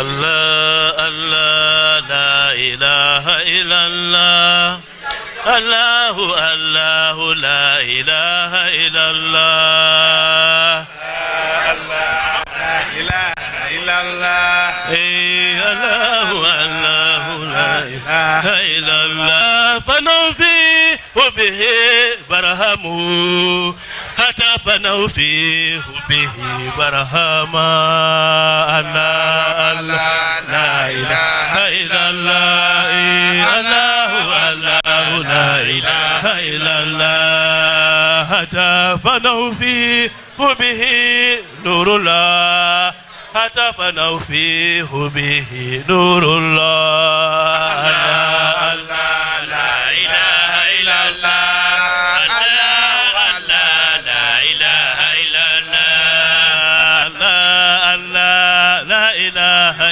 الله الله لا إله إلا الله الله الله لا إله إلا الله الله لا إله إلا الله الله الله لا إله إلا الله فنوفي وبه برهمه هتفنوا فيه به برهما أنا الله لا إله إلا الله الله الله لا إله إلا الله هتفنوا فيه به نور الله هتفنوا فيه به نور الله الله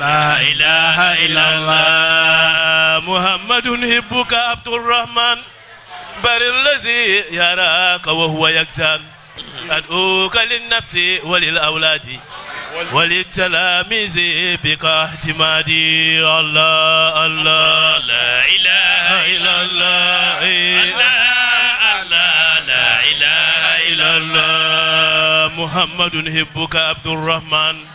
لا إله إلا الله محمد هبك عبد الرحمن بر الذي يراك وهو يكتال أدعوك للنفس وللأولاد وللتلاميذ بك اعتمادي الله الله لا إله إلا الله الله لا إله إلا الله محمد هبك عبد الرحمن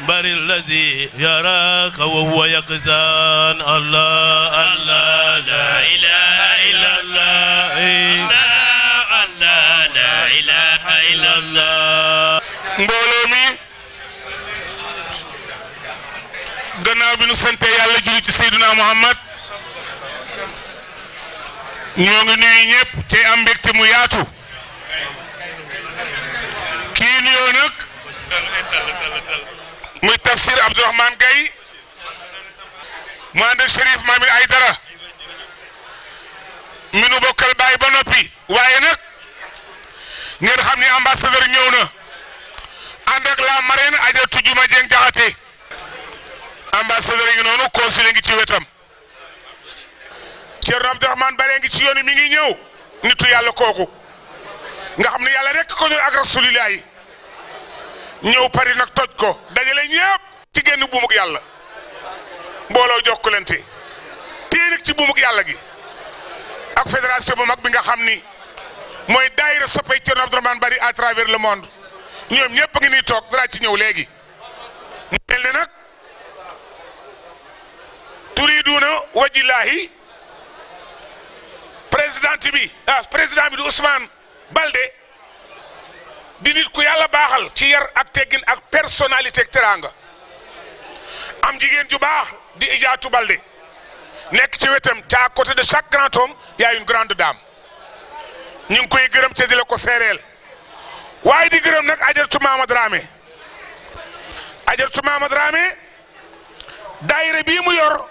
بر الذي يراك وهو يقزان الله الله لا إله إلا الله الله لا إله إلا الله mbooloo mi gannaaw bi nu sante yàlla julli ci Seydina Muhammad ñoo ngi nuyu ñëpp ci am mbégte mu yaatu kii nuyoo nag muy tafsir Abdourahmane Gaye mu ànd ak Chérif Mamil Aydara mi nu bokkal baay ba noppi waaye nag ngeen xam ni ambassadeur ñëw na ànd ak la marraine Adja Toudiouma Dieng Diakhaté ambassadeur yi noonu consul ngi ci wetam Thierno Abdourahmane Bare ngi ci yoon mi ngi ñëw nit yàlla kooku nga xam ne yàlla rek ko ñor ak rasulillah yi ñëw Paris nag toj ko dajale ñëpp ci génn buumug yàlla mbooloo jokkalante téye ci buumug yàlla gi ak fédération bu mag bi nga xam ni mooy daayira soppay Thierno Abdourahmane Bari à travers le monde ñoom ñëpp ngi ni toog dara ci ñëw léegi mu mel ne nag turiduuna wajilaahi président bi ah président bi du Ousmane Balde di nit ku yàlla baaxal ci yar ak teggin ak personnalité ak teraanga am jigéen ju baax di Idiatou Baldé nekk ci wetam ca à côté de chaque grand homme y a une grande dame ñu ngi koy gërëm ca la ko seereel waaye di gërëm nag Ajaratu Maama Dramé Ajaratu Maama Dramé daayira bii mu yor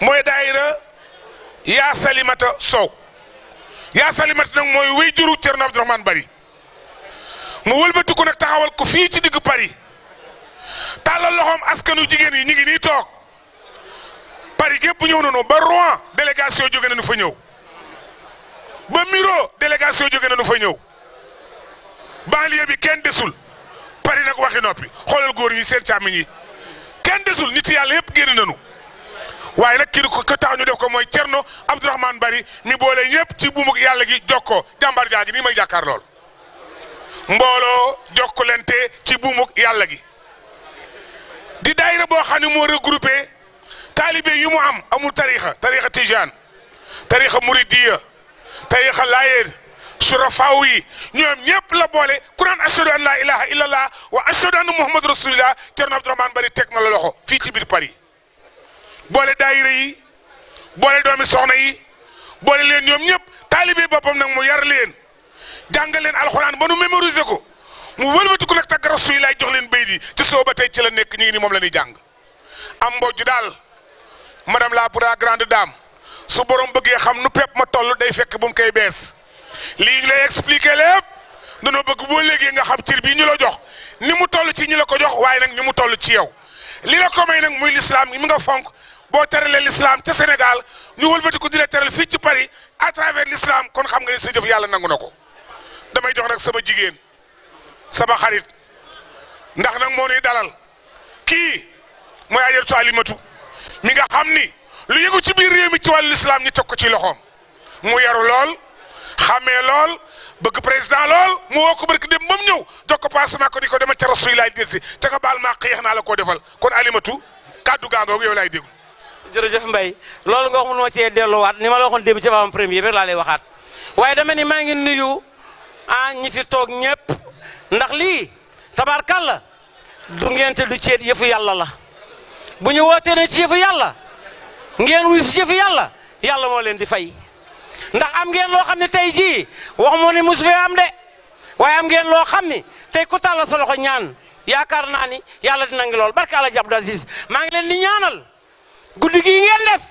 mooy daayira yaa Salimata Sow yaa Salimata nag mooy wéy juru Cerno Abdourahmane Bari mu wëlbatiku nag taxawal ko fii ci diggu Paris tàllal loxoom askanu jigéen yi ñu ngi nii toog Paris gépp ñëw nañu ba Rouen délégation jóge nañu fa ñëw ba Miro délégation jóge nañu fa ñëw banlieue bi kenn desul Paris nag waxi noppi xoolal góor yi seen càmmiñ yi kenn desul nit yàlla yëpp génn nañu waaye nag kii ko ko tax ñu def ko mooy Thierno Abdourahmane Bari mi boole ñëpp ci buumug yàlla gi jokkoo jàmbar jaa gi nii may jàkkaar lool mbooloo jokkulante ci buumug yàlla gi di daayira boo xam ne moo regroupé taalibe yi mu am amul tarixa tarixa tijaan tarixa muridiya tarixa laayeen surafaaw yi ñoom ñëpp la boole kuraan ashadu an laa ilaha illallah wa ashadu anna muhammad rasulillah Ceerno Abdourahmane Bari teg na loxo fii ci biir Paris boole daayira yi boole doomi soxna yi boole leen ñoom ñëpp taalibe boppam nag mu yar leen jàngal leen alxuraan ba nu mémoriser ko mu wëlbatiku nag tàgg rasulilaay jox leen bay di ci soo ba tey ci la nekk ñu ngi ni moom la ñuy jàng am mbojj daal madame la pour la grande dame su borom bëggee xam nu pepp ma toll day fekk bu mu koy bees lii lay expliquer lépp danoo bëgg boo léegi nga xam ci bii ñu la jox ni mu toll ci ñu la ko jox waaye nag ñu mu toll ci yow li la ko may nag muy lislaam mi nga fonk boo teralee lislaam ca Sénégal ñu wëlbatiku di teral fii ci Paris à travers l'islam kon xam nga ni sa yàlla nangu na ko damay jox nag sama jigéen sama xarit ndax nag moo dalal kii mooy ajaratu alimatu mi nga xam ni lu yëngu ci biir réew mi ci wàllu lislaam ñi teg ko ci loxoom mu yaru lool xamee lool bëgg président lool mu woo ko barki dem moom ñëw jox ko passement ko di ko dama ca rasulilaay dil si te nga baal maa xeex naa la koo defal kon alimatu kàddu gaangoog yow laay déglu jërëjëf Mbaye loolu nga wax mun ma cee delluwaat ni ma la waxoon démb ci avant premier bi waxaat Ani ah, ñi fi tok ñepp ndax li tabarkalla du ngeente du ciet yefu yalla. la bu ñu wootee ne ci yëfu yàlla ngeen wuy si yëfu yalla yàlla moo leen di fay ndax am ngeen lo xamni tay ji wax mo ni musfi am de waaye am ngeen lo xamni tay ku tàllal solo ko ñaan yaakar naa ni dina ngi lol barka allah ji Aziz ma ngi leen di ñaanal guddi gi ngeen def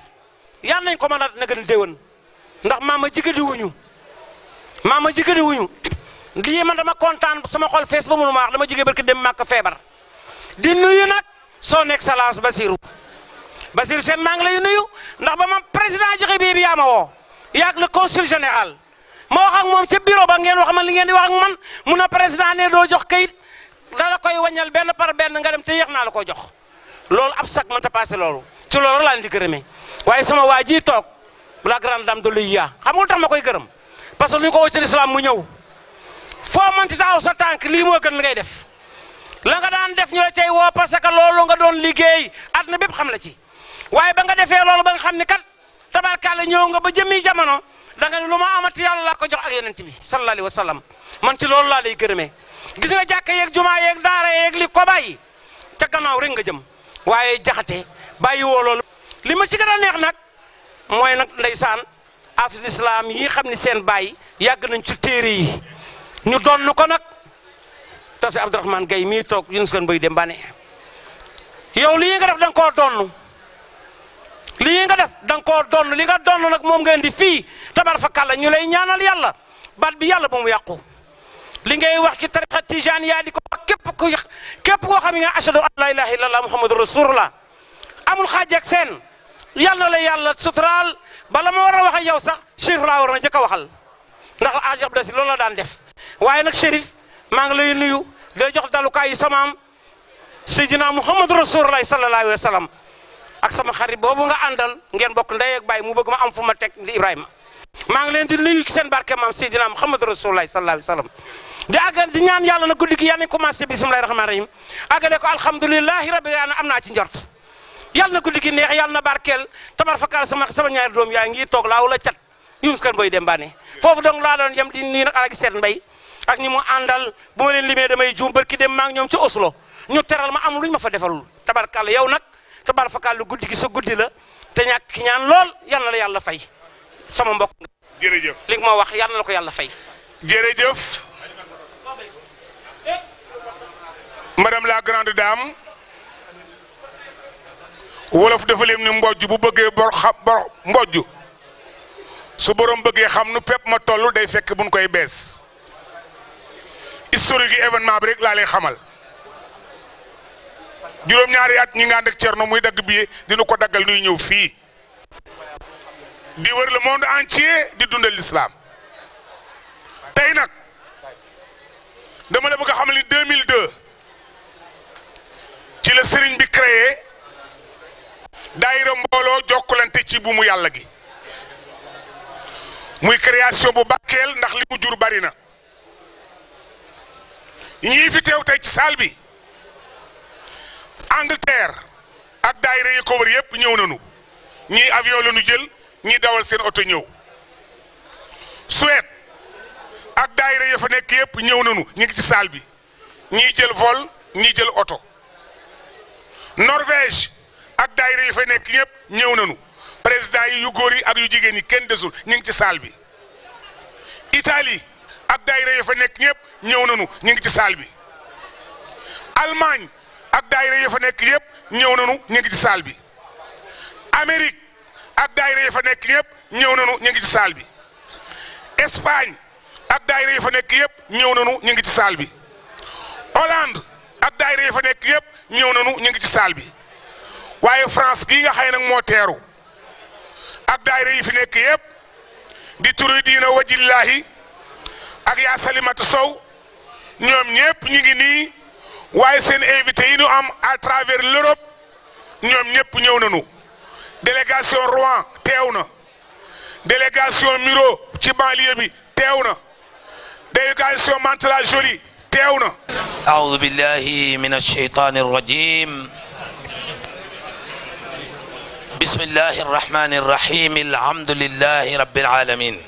yalla nañ ko na gën ndax mama jigeedi wuñu mama jigeedi wuñu lii man dama kontaan sama xol facebook mu wax dama jige barke dem mak febar di nuyu nak son excellence Basirou basir sen mang lay nuyu ndax ba ma president joxe bibi bi yaa yak le consul general mo wax ak mom ci bureau ba ngeen wax man li ngeen di wax ak man mu na president ne do jox kayit la koy wagnal ben par ben nga dem te yex na la ko jox loolu ab man ta passé lolou ci lolou la ndi di waye sama waji tok la grande dame de l'ia xam nga tax makoy koy parce que ñu ko woo l'islam mu ñew foo mënti taxaw sa tànk lii moo gën li ngay def la nga daan def ñu la cay woo parce que loolu nga doon liggéey àdduna bépp xam la ci waaye ba nga defee loolu ba xam ni kat tabarkàlla ñëw nga ba jëmi jamono da nga lu ma amati yàlla laa ko jox ak yonent bi sallallahu alayhi wa sallam man ci loolu laa lay gërëmee gis nga jàkka yeeg jumaa yeeg daara yeeg li ko bàyyi ca gannaaw rek nga jëm waaye jaxate bàyyi woo loolu li ma ci gën a neex nag mooy nag ndeysaan afis islam yi xam ne seen bàyyi yàgg nañ ci téere yi ñu donnu ko nag te si Abdourahmane gay mii toog Yunus Kan Boy Dembane yow li nga def da nga koo donn lii nga def da nga koo donn li nga donn nag moom ngeen di fii tabar fa kàlla ñu lay ñaanal yàlla baat bi yàlla ba yàqu li ngay wax ci tariqa tijaan yaa di ko wax képp ku képp koo xam nga ashadu an la ilaha illallah muhammadu rasulullah amul xaaj ak seen yàlla la yàlla suturaal bala ma war a wax ak yow sax Chérif laa war na jëkk waxal ndax da si loolu def waye nak sherif maa ngi lay nuyu day jox dalukaay sama samaam muhammad rasulullah sallallahu Alaihi Wasallam, ak sama xarit bobu nga andal ngeen bok nday ak bay mu bëgg ma am fuma tek di ibrahim maa ngi leen di nuyu ci sen barke mam seydina muhammad rasulullah sallallahu Alaihi Wasallam, di agal di ñaan yalla na guddi ki yàlla nañ commencé bismillahir rahmanir rahim agale ko alhamdullilah rabbil aalamiin amna ci ndort yalla na guddi ki neex yalla na barkeel tabar sama sama ñaar doom yaangi tok yunus kan boy dem bané fofu dong la doon yam di nak ala alagi set mbay ak ñi mu andal bu ma leen limé damay juum barki dem ma ak ñom ci Oslo ñu teral ma am luñ ma fa defal tabarakallah yow nak tabarakallah guddi gi sa guddi la te ñàkk ñaan lool yalla la yalla fay sama mbokk. jërëjëf li ma wax yalla la ko yalla fay. jërëjëf madame la grande dame wolof dafa leen ni mbojju bu bëggee bor xam bor su borom bëggee xam nu ma tollu day fekk buñ koy bees historique gi événement bi rek la lay xamal juróom-ñaari at ñi nga ànd ak Cerno muy dagg billet dina ko dagal nuy ñew fi di wër le monde entier di dundal l'islam tay nak dama la bëgg xamal ni 2002 ci le serigne bi créé daayira mbolo jokkalante ci bu mu yalla gi muy création bu Bakel ndax limu jur bari na. ñii fi teew tey ci saal bi Angleterre ak daayira yu ko wër yëpp ñëw nañu ñii avion la ñu jël ñii dawal seen oto ñëw Suède ak daayira ya fa nekk yëpp ñëw nañu ñu ngi ci saal bi ñii jël vol ñii jël oto Norvège ak daayira ya fa nekk yëpp ñëw nañu président yi yu góor yi ak yu jigéen yi kenn desul ñu ngi ci saal bi Italie. ak daayira ya fa nekk ñëpp ñëw nañu ñu ngi ci saal bi Allemagne ak daayira ya fa nekk yëpp ñëw nañu ñu ngi ci saal bi Amérique ak daayira fa nekk yëpp ñëw nañu ñu ngi ci saal bi Espagne ak daayira ya fa nekk yëpp ñëw nañu ñu ngi ci saal bi Hollande ak daayira ya fa nekk yëpp ñëw nañu ñu ngi ci saal bi waaye France gii nga xëy nag moo teeru ak daayira yi fi nekk yëpp di turi diina wajillaahi ak ya salimatu Sow ñom ñëpp ñi ngi ni waye seen invité yi ñu am à travers l'Europe ñom ñëpp ñëw nañu délégation Rouen téwna délégation miro ci banlieue bi téwna délégation Mantes-la Jolie teew na أعوذ بالله من الشيطان الرجيم بسم الله الرحمن الرحيم الحمد لله رب العالمين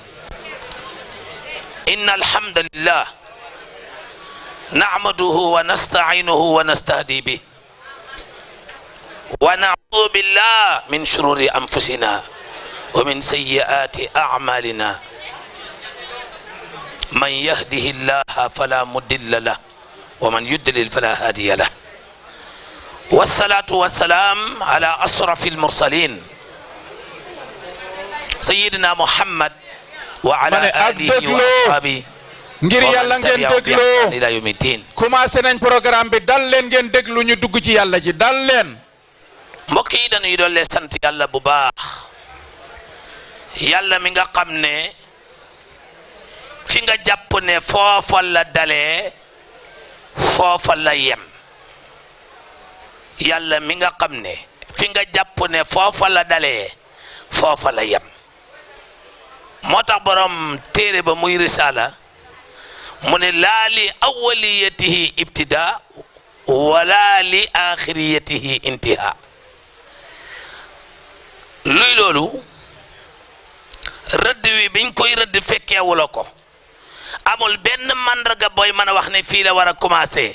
إن الحمد لله نعمده ونستعينه ونستهدي به ونعوذ بالله من شرور أنفسنا ومن سيئات أعمالنا من يهده الله فلا مدل له ومن يدلل فلا هادي له والصلاة والسلام على أشرف المرسلين سيدنا محمد waa ala alihi wa ashabi ngir yàlla ngeen dégloo commencé nañ programme bi dal leen ngeen déglu ñu dugg ci yàlla ji dal leen mbokk yi dañuy doole sant yàlla bu baax yàlla mi nga xam ne fi nga jàpp ne foofal la dalee foofa la yem yàlla mi nga xam ne fi nga jàpp ne foofa la dalee foofa la yem moo tax borom téere ba muy risaala mu ne laa li awaliyatihi ibtidaa wala li axiriyatihi intihaa luy loolu rëdd wi biñ koy rëdd fekkewula ko amul benn mandarga booy mën a wax ne fii la war a commencé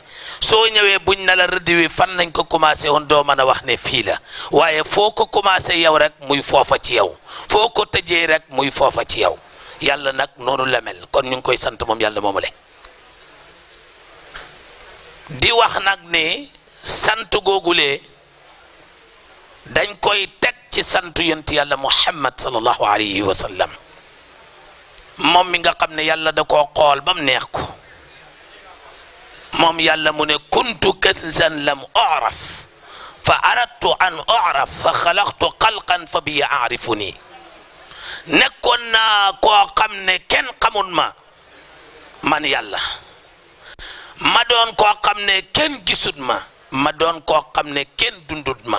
soo ñëwee buñ na la rëdd wi fan lañ ko commencé woon doo mën a wax ne fii la waaye foo ko commencé yow rek muy foofa ci yow foo ko tëjee rek muy foofa ci yow yàlla nag noonu la kon ñu ngi koy sant moom yàlla moom le di wax nag ne sant googulee dañ koy teg ci sant ti yàlla muhammad sallallahu alayhi wa sallam moom mi nga xam ne yàlla da koo xool ba mu neex ko moom yàlla mu ne kuntu kanzan lam oraf fa aradtu an oraf fa xalaqtu xalqan fa biya aarifuni nekkoon naa koo xam ne kenn xamul ma man yàlla ma doon koo xam ne kenn gisut ma ma doon koo xam ne kenn dundut ma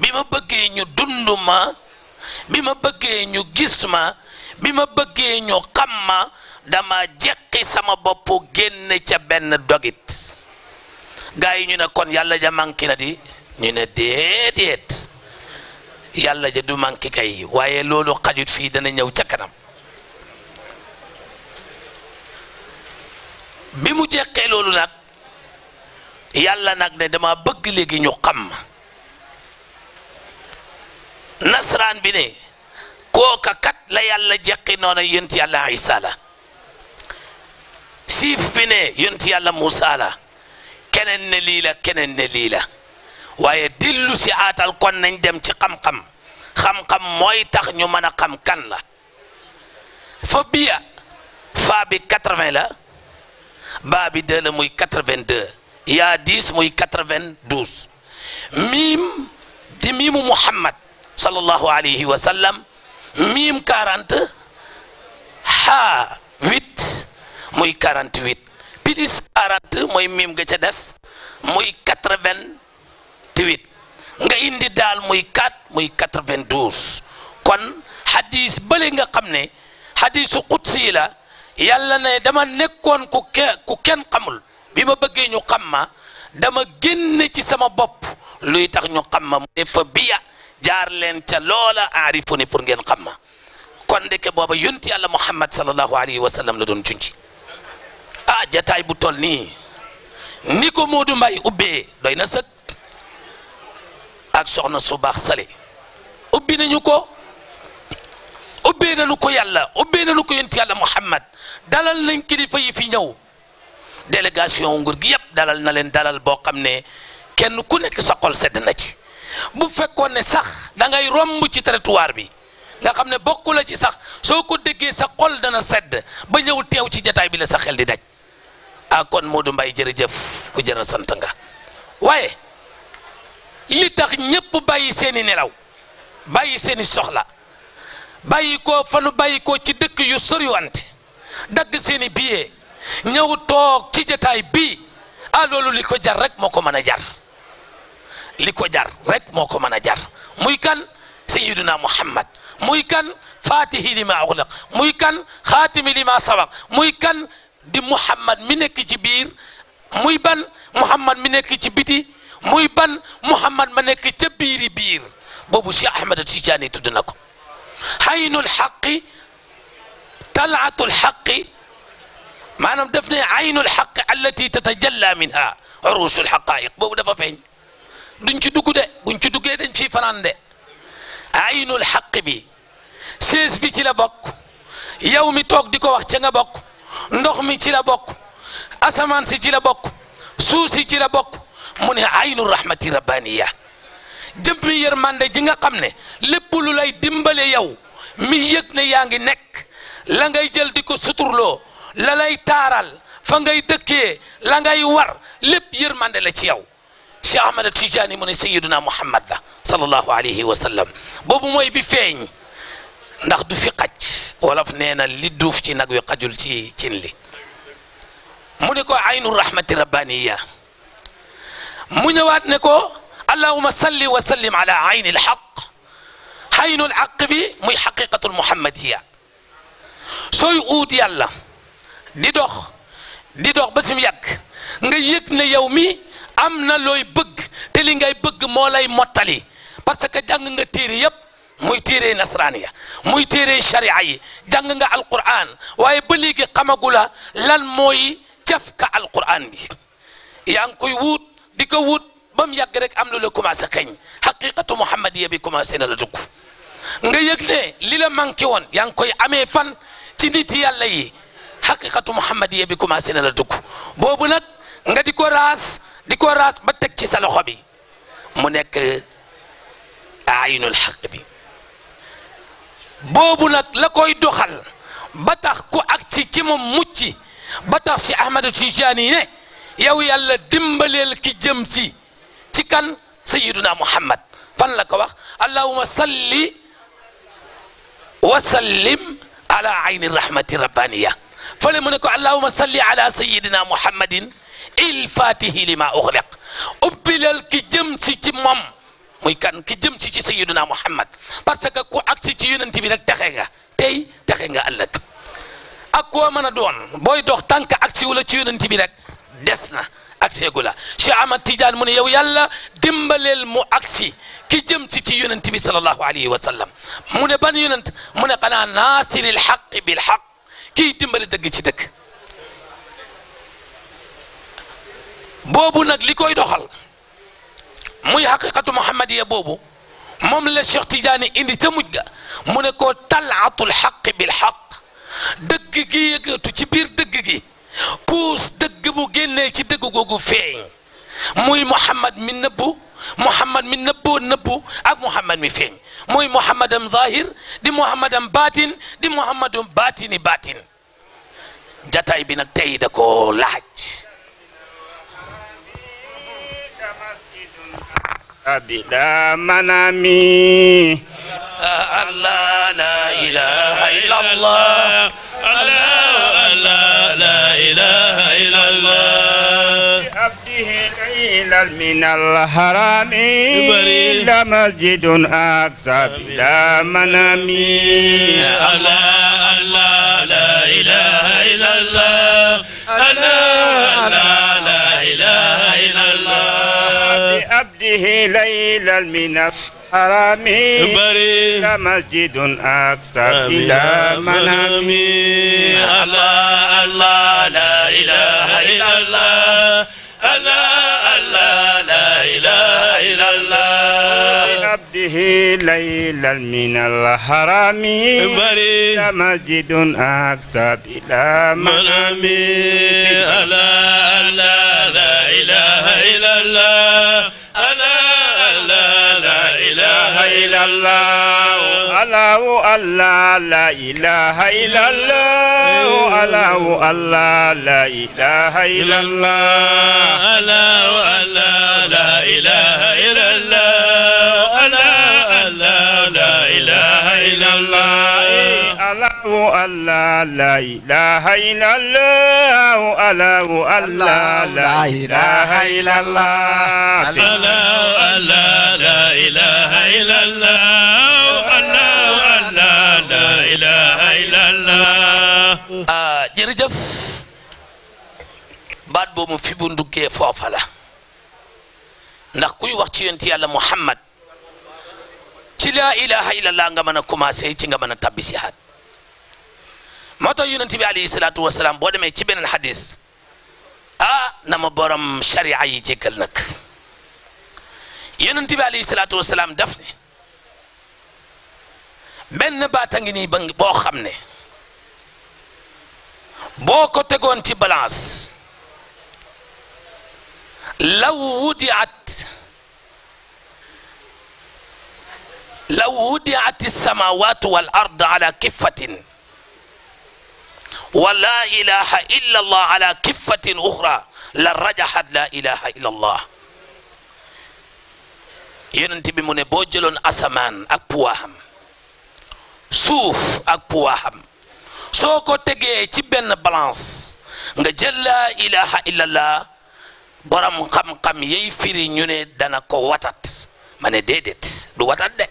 bi ma bëggee ñu dund ma bi ma bëggee ñu gis ma bi ma bëggee ñu xam ma dama jeqi sama bopp génn ca benn dogit gaa yi ñu ne kon yàlla ja manqué na di ñu ne déedéet yàlla ja du manqué kay waaye loolu xajut fii dana ñëw ca kanam bi mu jeqee loolu nag yàlla nag ne dama bëgg léegi ñu xam nasraan bi ne كوكا كات لا يالا جيقي نونا ينت يالا عيسى لا سي فيني ينتي على موسى لا كنن نليلا كنن نليلا واي ديلو سي اتال كون نان ديم سي خم خم خم خم موي تخ ني مانا خم كان لا فبيا فابي 80 لا بابي دال موي 82 يا 10 موي 92 ميم دي ميم محمد صلى الله عليه وسلم miim 40 ha 8 muy 48 plus 40 mooy miim nga ca des muy 88 nga indi daal muy 4 muy 92 kon hadis bële nga xam ne hadisu qudsi la yàlla ne dama nekkoon ku kenn xamul bi ma bëggee ñu xam ma dama génn ci sama bopp luy tax ñu xam ma mu ne fa jaar leen ca loola aarifu ni pour ngeen xam ma kon ndeke booba yonti yàlla muhammad sallallahu alayhi wa sallam la doon junci ah jataay bu tol nii ni ko Moodu Mbay ubbee doy na sëg ak soxna su baax sale ubbi nañu ko ubbee nañu ko yàlla ubbee nañu ko yonti yàlla muhammad dalal nañ kilifa yi fi ñëw délégation nguur gi dalal na leen dalal boo xam ne kenn ku nekk sa sedd na ci bu fekkoon ne sax da ngay romb ci trottoir bi nga xam ne bokku la ci sax soo ko déggee sa xol dana sedd ba ñëw teew ci jataay bi la sa xel di daj ah kon Modou Mbaye jërëjëf ku jëra sant nga waaye li tax ñépp bàyyi seeni nelaw bàyyi seeni soxla bàyyi ko fa nu bàyyi ko ci dëkk yu soriwante dagg seeni billet ñëw toog ci jataay bi ah loolu li ko jar rek moo ko mën a jar liko jar rek moko ko jar muy kan sayyiduna muhammad muy kan fatihi lima ma muy kan khatimi lima sabaq muy kan di muhammad mi nek ci bir muy ban muhammad mi nek ci biti muy ban muhammad ma nek ci biri bir bobu Cheikh Ahmed Tidiane tudnako na ko tal'atul xaqi manam xaqi maanaam def ne aynul xaqi allati tatajalla minha urusul xaqaiq boobu dafa duñ ci dugg de buñ ci duggee dañ ciy fanaan de aynul xaq bi sées bi ci la bokk yow mi toog di ko wax ca nga bokk ndox mi ci la bokk asamaan si ci la bokk suuf si ci la bokk mu ne aynu rahmati rabbaniya jëmmi yërmande ji nga xam ne lépp lu lay dimbale yow mi yëg ne yaa ngi nekk la ngay jël di ko suturloo la lay taaral fa ngay dëkkee la ngay war lépp yërmande la ci yow شي احمد تيجاني من سيدنا محمد صلى الله عليه وسلم بوبو موي بي فيغ نдах دو في قاج ولاف نينا لي دوف سي ناغ يقاجول سي تينلي مونيكو عين الرحمه الربانيه مونيوات نيكو اللهم صل وسلم على عين الحق عين العقبي مي حقيقه المحمديه سوي اود يالا دي دوخ دي دوخ باسم ياك nga yek ne yow am na looy bëgg te li ngay bëgg moo lay mottali parce que jàng nga téere yëpp muy téere nasaraan ya muy téere sharia yi jàng nga alquran waaye ba léegi xamagula lan mooy cafka alquran bi yaa ngi koy wuut di ko wuut ba mu rek am lu la commencé xeeñ xaqiqatu muhammadiya bi commencé na la dugg nga yëg ne li la manqué woon yaa ngi koy amee fan ci nit yàlla yi xaqiqatu muhammadiya bi commencé na la dugg boobu nag nga di ko raas. di ko raas ba teg ci sa loxo bi mu nekk ayinul xaq bi boobu nag la koy doxal ba tax ku ak ci ci moom mucc ba tax si Ahmadu Tijaani ne yow yàlla dimbaleel ki jëm si ci kan sayiduna muhammad fan la ko wax allahuma salli wa sallim ala ayni rahmati rabbaniya fële mu ne ko allahuma salli ala sayidina muhammadin il fatihi li ma uxliq ubbilal ki jëm si ci moom muy kan ki jëm si ci sayiduna muhammad parce que ku agsi ci yonent bi rek texe nga tey texe nga ëllëg ak koo mën a doon booy dox tànk agsi wala ci yonent bi rek des na agseegu la Cheikh Ahmad Tidiane mu ne yow yàlla dimbaleel mu agsi ki jëm ci ci yonent bi sallallahu alayhi wa sallam mu ne ban yonent mu ne xanaa naasiril xaq bil xaq kii dimbale dëgg ci dëgg boobu nag li koy doxal muy xaqiqatu muhammadiya boobu moom la Cheikh Tidiane indi ca mujj ga mu ne ko talaatul xaq bil xaq dëgg gi yëgatu ci biir dëgg gi puus dëgg bu génnee ci dëgg googu feeñ muy muhammad mi nëbbu muhammad mi nëbboo nëbbu ak muhammad mi feeñ muy muhammadam zahir di muhammadam baatin di muhammadam baatini baatin jataay bi nag tey da koo laaj بلا منامي الله لا إله إلا الله الله لا لا إله إلا الله عبده ليلا من الحرام إلى مسجد أقصى بلا منامي الله الله لا إله إلا الله الله لا إله إلا الله لعبده ليلا من الحرام بريد مسجد أكثر إلى منامي الله الله لا إله إلا الله الله الله لا إله إلا الله عبده ليلا من الحرام مسجد أقصى بلا منام ألا ألا لا إله إلا الله ألا ألا لا إله إلا الله الله الله لا إله إلا الله الله الله لا إله إلا الله الله الله لا إله إلا الله ألا لا إله إلا الله ألا ألا لا إله إلا الله ألا ألا baat boobu fi bu nduggee ndax kuy wax ci yonent yàlla Muhammad ci laa ilaha illallah nga mën a commencé ci nga mën a tabbi si haat moo tax yonent bi alayhi salaatu wasalaam boo demee ci benen hadith ah na ma borom sharia yi jegal nak yonent bi alayhi salaatu wasalaam daf ne benn ba tangini xam ne boo ko tegoon ci balance law wudiat law wudiat alsamawatu wal ard ala kifatin wa laa ilaha allah la rajahat laa ilaha illa allah yonent bi mu ne boo jëloon asamaan ak puwaaxam suuf ak puwaaxam soo ko tegee ci benn balance nga jël laa ilaha illa allah borom yey firi ñu ne dana ko watat ma ne déedéet du watat de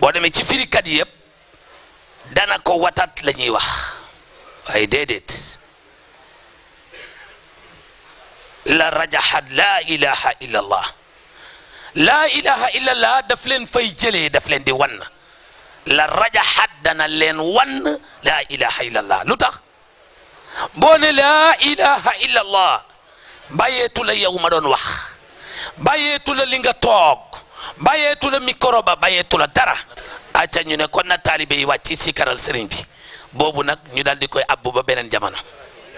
boo demee ci firikat yëpp dana ko watat la ñuy wax waaye déedéet la rajaxat la ilaha illa allah laa ilaha illa allah daf leen fay jëlee daf leen di wann la rajaxat dana leen wann laa ilaha illa allah lu tax boo ne laa allah bàyyeetu la yow ma doon wax bàyyeetu la li nga toog bàyyeetu la micro ba bàyyeetu la dara acca ñu ne kon na taalibe yi wàcc si karal sëriñ bi boobu nag ñu daal di koy abbu ba beneen jamono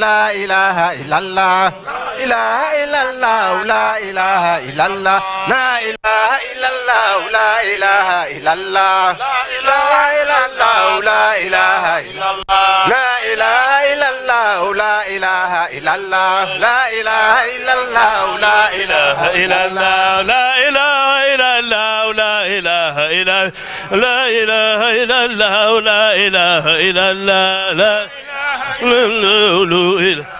لا إله إلا الله إله إلا الله لا إله إلا الله لا إله إلا الله لا إله إلا الله لا إله إلا الله لا إله إلا الله لا إله إلا الله لا إله إلا الله لا إله إلا الله لا إله إلا الله لا إله إلا الله لا إله إلا لا إله إلا الله لا إله إلا الله لا Hallelujah.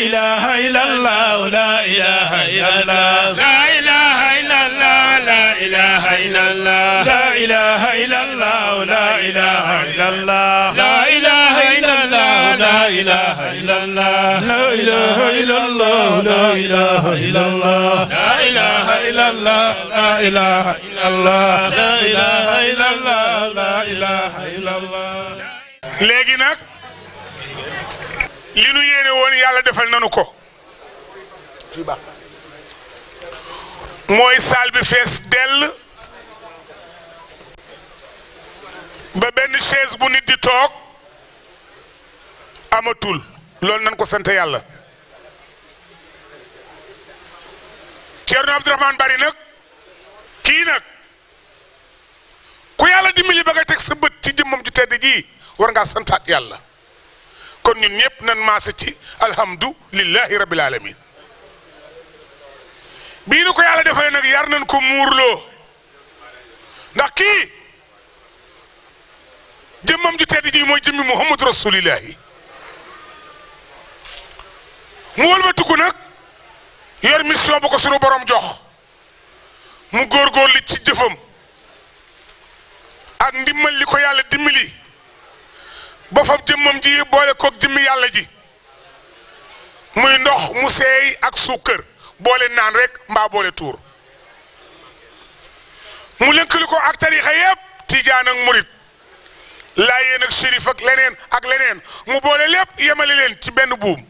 إله إلا الله لا إله إلا الله لا إله إلا الله لا إله إلا الله لا إله إلا الله لا إله إلا الله لا إله إلا الله لا إله إلا الله لا إله إلا الله لا إله إلا الله لا إله إلا الله لا إله إلا الله لا إله إلا الله لا إله إلا الله léegi nag li nu yéene woon yàlla defal nanu ko mooy saal bi fees dell ba benn chaise bu nit di toog amatul loolu nan ko sant yàlla Ceerno Abdourahmane Bari nag kii nag ku yàlla dimbali ba nga teg sa bët ci jëmmam ju tedd ji war ngaa santaat yàlla kon ñun ñëpp nan maase ci alhamdulillahi rabbil alamin bii nu ko yàlla defalee nag yar nañ ko muurloo ndax kii jëmmam ju tedd ji mooy jëmmi muhammadu rasulillahi mu wëlbatiku nag yor mission bu ko sunu borom jox mu góorgóorlu ci jëfam ak ndimbal li ko yàlla dimbali ba fab jëmmam ji boole koog jëmmi yàlla ji muy ndox mu seey ak suukar boole naan rek mbaa boole tuur mu lëkkali ko ak tarixa yëpp tijaan ak murit laayeen ak shérif ak leneen ak leneen mu boole lépp yemale leen ci benn buum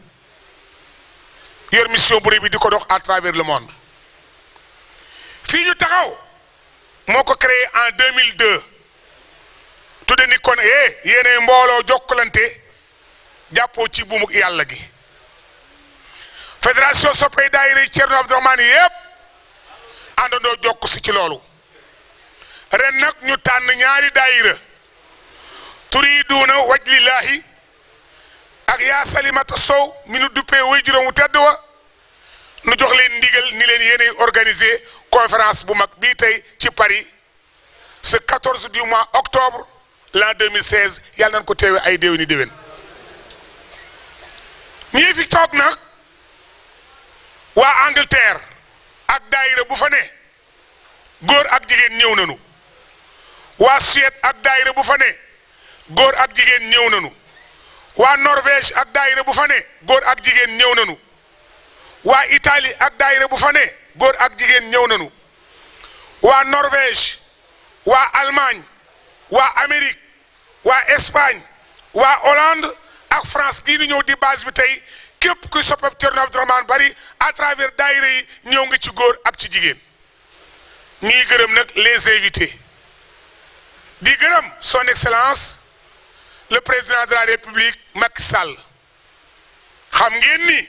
yor mission bu bi di ko dox à travers le monde fii ñu taxaw moo ko créé en 2002 tudde ni kon eh yéenay mbooloo jokkalante jàppoo ci buumu yàlla gi fédération soppey daayira Cerno Abdourahmane yépp àndandoo jokk si ci loolu ren nag ñu tànn ñaari daayira turiduuna waj lillaahi ak yaa salimata sow mi nu duppee way juróom wu tedd wa nu jox leen ndigal ni leen yéenay organiser conférence bu mag bii tey ci Paris ce 14 du mois octobre l'an 2016 yàlla nañ ko teewe ay déwéni déwén ñii fi toog nag waa Angleterre ak daayira bu fa góor ak jigéen ñëw nañu waa Suède ak daayira bu fa góor ak jigéen ñëw nañu waa Norvège ak dayre bu fa góor ak jigéen ñëw nañu waa itali ak dayre bu fa góor ak jigéen ñëw nañu waa Norvège waa Allemagne wa Amérique wa Espagne wa Hollande ak France gi ñu ñëw di base bi tey képp kuy soppeeku Thierno Abdourahmane Bari à travers daayira yi ñëw nga ci góor ak ci jigéen ñuy gërëm nag les invités di gërëm son excellence le président de la république Macky Sall xam ngeen ni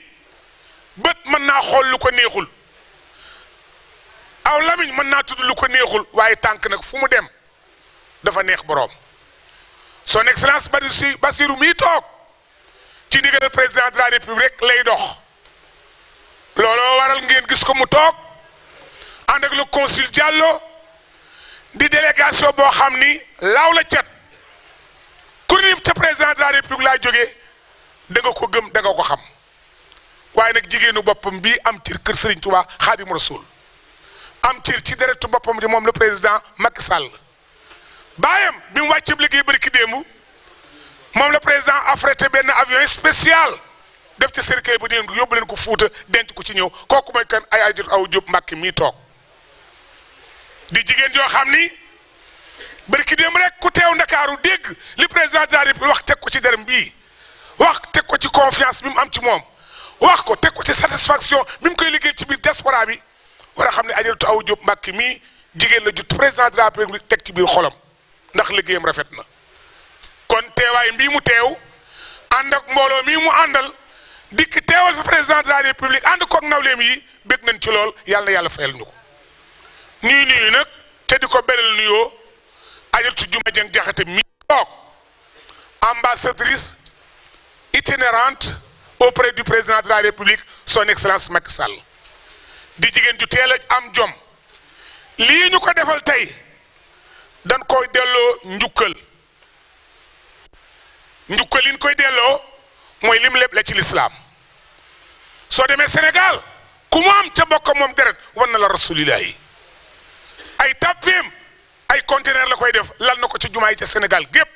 bët mën naa xool lu ko neexul aw lamiñ mën naa tudd lu ko neexul waaye tànk nag fu mu dem neex son excellence Basiroumi mi tok ci le président de la république lay dox Lolo waral ngeen gis ko mu tok ak le consul Diallo di délégation bo xamni il président de la république le da nga ko gëm da nga ko xam le président baayam bi mu wàccee liggéey bari ki démb moom la président te benn avion spécial def ci cercueil bu dégg yóbbu leen ko Fuuta denc ko ci ñëw kooku mooy kan ay ajut aw jub Mbàkke mii toog di jigéen joo xam ni bari ki démb rek ku teew ndakaaru dégg li président de wax teg ko ci derm bii wax teg ko ci confiance bi mu am ci moom wax ko teg ko ci satisfaction bi mu koy liggéey ci biir diaspora bi war a xam ne ajut aw jub Mbàkke mii jigéen la ju président de la ci biir xolam. ndax liggéeyam rafet na kon teewaay mbii mu teew ànd ak mbooloo mii mu àndal dikk teewal fa président de la république ànd koog nawleem yi bég nañ ci lool yàlla yàlla fayal ñu ko ñuy nuyu nag te di ko beral nuyoo ajatu juma jëng jaxate mi toog ambassadrice itinérante auprès du président de la république son excellence Macky Sall di jigéen ju teel a am jom lii ñu ko defal tey dan koy delloo njukkal njukkal liñ koy delloo mooy lim lépp la ci lislaam soo demee Sénégal ku mu am ca bokk moom deret war na la rasulillah ay tàppeem ay conteneur la koy def lal na ko ci jumaa yi ca Sénégal gépp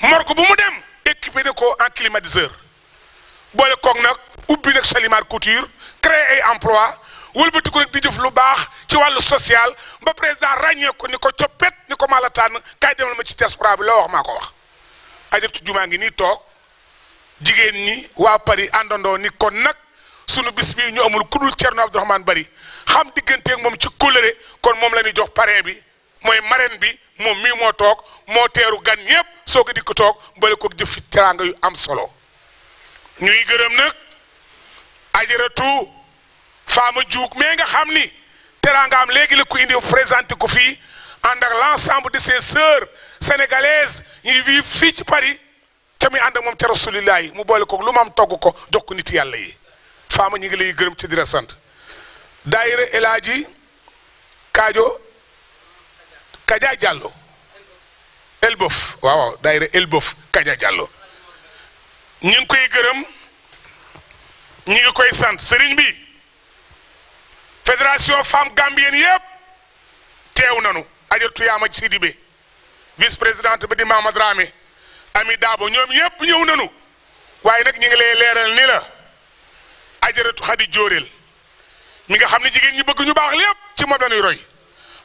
morgue bu mu dem équipé na ko en climatiseur boole kook nag ubbi nag Chalimar Couture créer ay emploi wëlbati ko rek di jëf lu baax ci wàllu social ba président ràññee ko ni ko coppet ni ko mala tànn kaay demal ma ci diaspora bi loo wax maa ko wax ajatu jumaa ngi nii toog jigéen ñi waa Paris àndandoo ni kon nag sunu bis bii ñu amul ku dul Thierno Abdourahmane Bari xam digganteeg moom ci kóllëre kon moom la ñuy jox parrain bi mooy marraine bi moom mii moo toog moo teeru gan yépp soo ko di ko toog bale ko jëf fi teraanga yu am solo ñuy gërëm nag ajaratu faama juug mais nga xam ni teraangaam léegi la ko indi présenté ko fii ànd ak l'ensemble de ses sœurs sénégalaises ñuy vivre fii ci Paris ca muy ànd ak moom ca rasulillah yi mu boole ko lu maam togg ko jox ko nit yàlla yi faama ñu ngi lay gërëm ci dire sant daayira El Hadji kajaa jàllo Diallo Elbof waaw waaw daayira Elbof Kaja Diallo ñu ngi koy gërëm ñu ngi koy sant sëriñ bi fédération femme gambienne yëpp teew nanu ajartu yaama Sidibé vice présidente bi di Mama Dramé Ami Daabo ñoom ñëpp ñëw nanu waaye nag ñu ngi lay leeral ni la ajaratu Xadi Jóoreel mi nga xam ni jigéen ñi bëgg ñu baax lépp ci moom la ñuy roy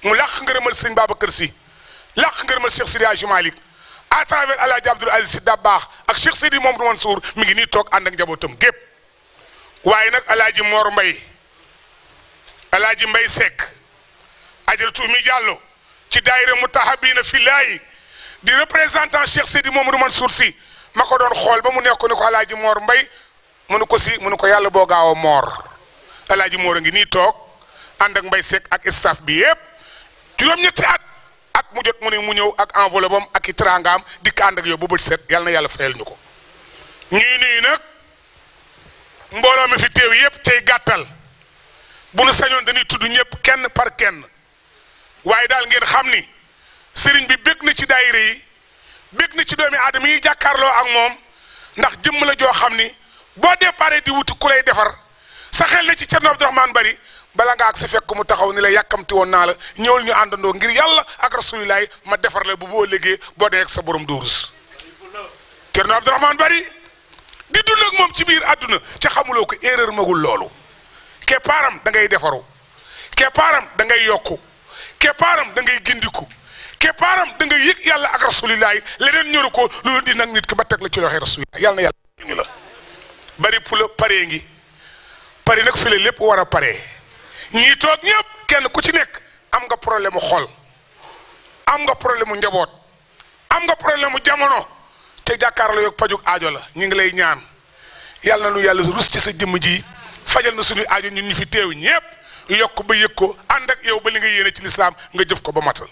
mu làq ngërëmal sëñ Babacar Si làq ngërëmal Cheikh Sidi Hadji Malick à travers El Hadj Abdoul Aziz Si Dabakh ak Cheikh moom Mamadou Mansour mi ngi nii toog ànd ak njabootam gépp waaye nag El Hadj Mor Mbaye alaaji mbay sekk ajaratu umi jàllo ci daayira mutahabina fillahi di représentant Cheikh Sidi man Mansour si ma ko doon xool ba mu nekk ni ko alaaji moor mbay mu nu ko si mu nu ko yàlla boo gaaw a moor alaaji moor a ngi nii toog ànd ak mbay sekk ak staff bi yëpp juróom-ñetti at ak mu jot mu ne mu ñëw ak enveloppe am ak i trangaam dikk ànd ak yow ba set yàlla na yàlla fayal ñu ko ñuy nuyu nag mbooloo mi fi teew yëpp cay gàttal bu nu sañoon dañuy tudd ñëpp kenn par kenn waaye daal ngeen xam ni sëriñ bi bég na ci daayira yi bég na ci doomi aadama yi jàkkaarloo ak moom ndax jëmm la joo xam ni boo déparé di wuti ku lay defar sa xel la ci Cerno Abdourahmane Bari bala nga ak si fekk mu taxaw ni la yàkkamti woon naa la ñëwal ñu àndandoo ngir yàlla ak rasulilaay ma defar la bu boo liggéey boo dee sa borom dóorus Cerno Abdourahmane Bari di dund ak moom ci biir àdduna ca xamuloo ko erreur magul loolu keppaaram da ngay defaru keppaaram da ngay yokku keppaaram da ngay gindiku keppaaram da ngay yëg yàlla ak rasulillahi leneen ñoru ko loolu di nag nit ki ba teg la ci loxee rasulillahi yàlla na yàlla ñu la bari pula paree ngi pari nag fi la lépp war a pare ñii toog ñëpp kenn ku ci nekk am nga problème mu xol am nga problème mu njaboot am nga problème mu jamono te jàkkaarloo yoog pajuk aajo la ñu ngi lay ñaan yàlla na lu yàlla rus ci sa jëmm ji fajal na suñuy aajo ñu ñu fi teew ñépp yokk ba yëg ko ànd ak yow ba li nga yéene ci lislaam nga jëf ko ba matal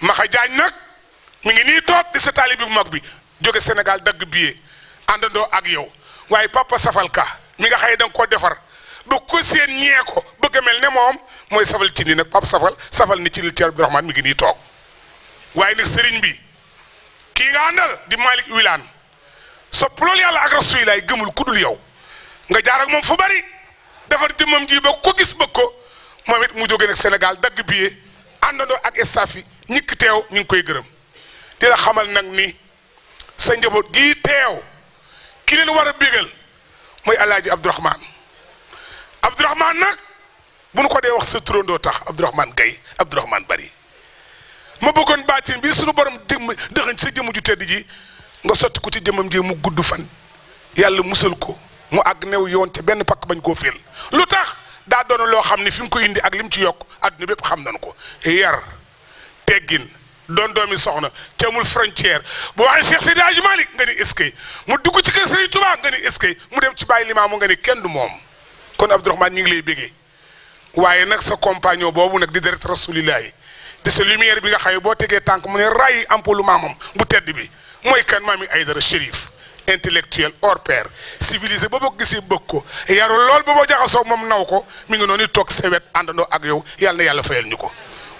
maxa jaañ nag mi ngi nii toog di sa bi bu mag bi jóge Sénégal dagg billet àndandoo ak yow waaye papa safal ka mi nga xëy da koo defar ba ko seen ñee ko bëgg a mel ne moom mooy safal ci ni nag papa safal safal ni ci ni Ceerno Abdourahmane mu ngi nii toog waaye nag sëriñ bi kii nga àndal di Malick Wilane sopp loolu yàlla ak rasulilaay gëmul ku yow nga jaar defar jëmmam ji ba ko gis bëgg ko moom it mu jóge nag Sénégal dagg billet àndandoo ak staff yi ñikk teew ñu ngi koy gërëm di la xamal nag ni sa njaboot gii teew ki leen war a bégal mooy alaaji Abdourahman Abdourahman nag bu nu ko dee wax sa turandoo tax Abdourahman Gaye Abdourahman Bari ma bëggoon baatin bi suñu borom jëmm dëxañ sa jëmm ju tedd ji nga sotti ko ci jëmmam ji mu gudd fan yàlla musal ko mu àgg new yoon te benn pakk bañ koo féel lu tax daa doon loo xam ne fi mu ko indi ak lim ci yokk adduna bépp xam nañu ko yar teggin doon doomi soxna te amul frontière bu waxee Cheikh Seydi Hadji Malick nga ni eskay mu dugg ci kër Serigne Touba nga ni eskay mu dem ci Baye Limaamu nga ni kenn du moom kon Abdourahmane ñu ngi lay bégee waaye nag sa compagnon boobu nag di direct rasulillahi di sa lumière bi nga xam ne boo tegee tànk mu ne ray ampolu maamam bu tedd bi mooy kan maami Aydara Chérif intellectuel hors pair civilisé ba bokk gisee bëgg ko yaru lool ba boo jaxasoo moom naw ko mi ngi noonu toog sewet àndandoo ak yow yàlla na yàlla fayal ñu ko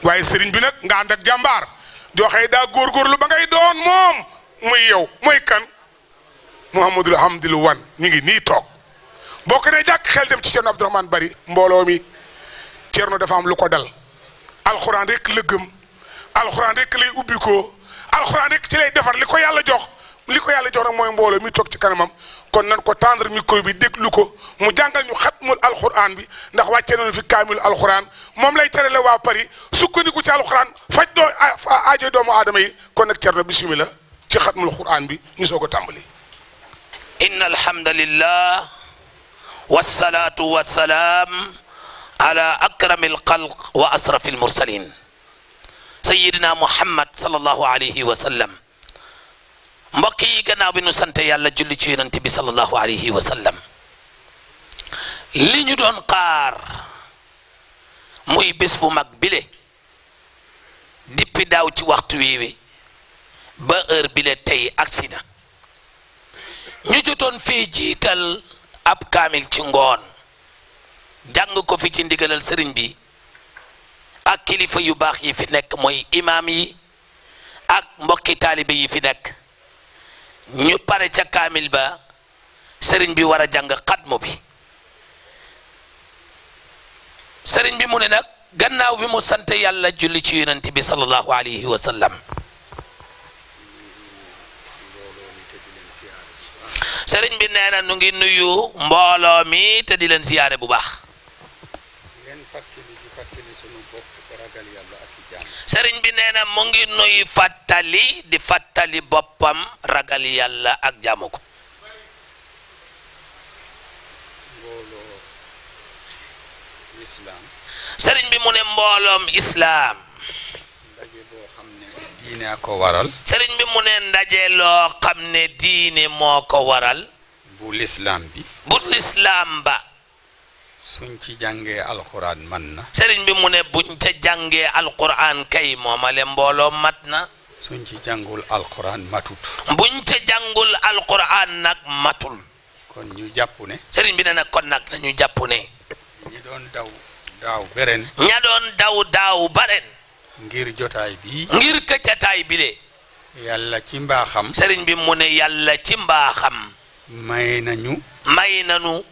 waaye sëriñ bi nag nga ànd ak jàmbaar joxe daa lu ba ngay doon moom muy yow mooy kan Mouhamadul Hamdul Wan ñu ngi nii toog boo ko nee jàkk xel dem ci Cerno Abdourahmane Bari mbooloo mi Cerno dafa am lu ko dal alxuraan rek la gëm alxuraan lay ubbi ko alxuraan rek ci lay defar li ko yàlla jox. liko yàlla joro moy mbolo mi tok ci kanamam kon nan ko tendre micro bi déglu ko mu jàngal ñu khatmul alquran bi ndax wacce non fi kamil alquran mom lay tere wa pari Paris ku ci alquran faj doo aajo doomu aadama yi kon nak Cerno bismillah ci khatmul alxuraan bi ñu soko tàmbali. ان الحمد لله والصلاه والسلام على اكرم الخلق asrafil المرسلين سيدنا محمد صلى الله عليه وسلم mbokk yi gannaaw bi nu sante yàlla julli ci yonent bi sallallahu alayhi wa sallam li ñu doon xaar muy bés bu mag bile dippi daaw ci waxtu wii ba heure bile tey agsi na ñu jotoon fee jiital ab kaamil ci ngoon jàng ko fi ci ndigalal sëriñ bi ak kilifa yu baax yi fi nekk mooy imaam yi ak mbokki taalibe yi fi nekk ñu pare ca kaamil ba sëriñ bi war a jàng xatmu bi sëriñ bi mu ne nag gannaaw bi mu sant yàlla julli ci yonent bi sallallahu alayhi wa sëriñ bi nee na nu ngi nuyu mbooloo mi te di leen siyaare bu baax sëriñ bi neena mu ngi nuy fàttali di fattali boppam ragal yàlla ak jaamu ko sëriñ bi mu ne mbooloom islaam ko waral sëriñ bi mu ne ndaje loo xam ne diine moo ko waral bu lislaam bi bu lislaam ba suñ ci jàngee alxuraan man na. sëriñ bi mu ne buñ ca jàngee alxuraan kay moomale mbooloo mat na. suñ ci jàngul alxuraan matut. buñ ca jàngul alxuraan nag matul. kon ñu jàpp ne. sëriñ bi ne nag kon nag nañu jàpp ñi doon daw daaw beren. ña doon daw daaw baren. ngir jotaay bi. ngir ka bi de. yàlla ci mbaaxam. sëriñ bi mune ne yàlla ci mbaaxam. may nañu. may nañu.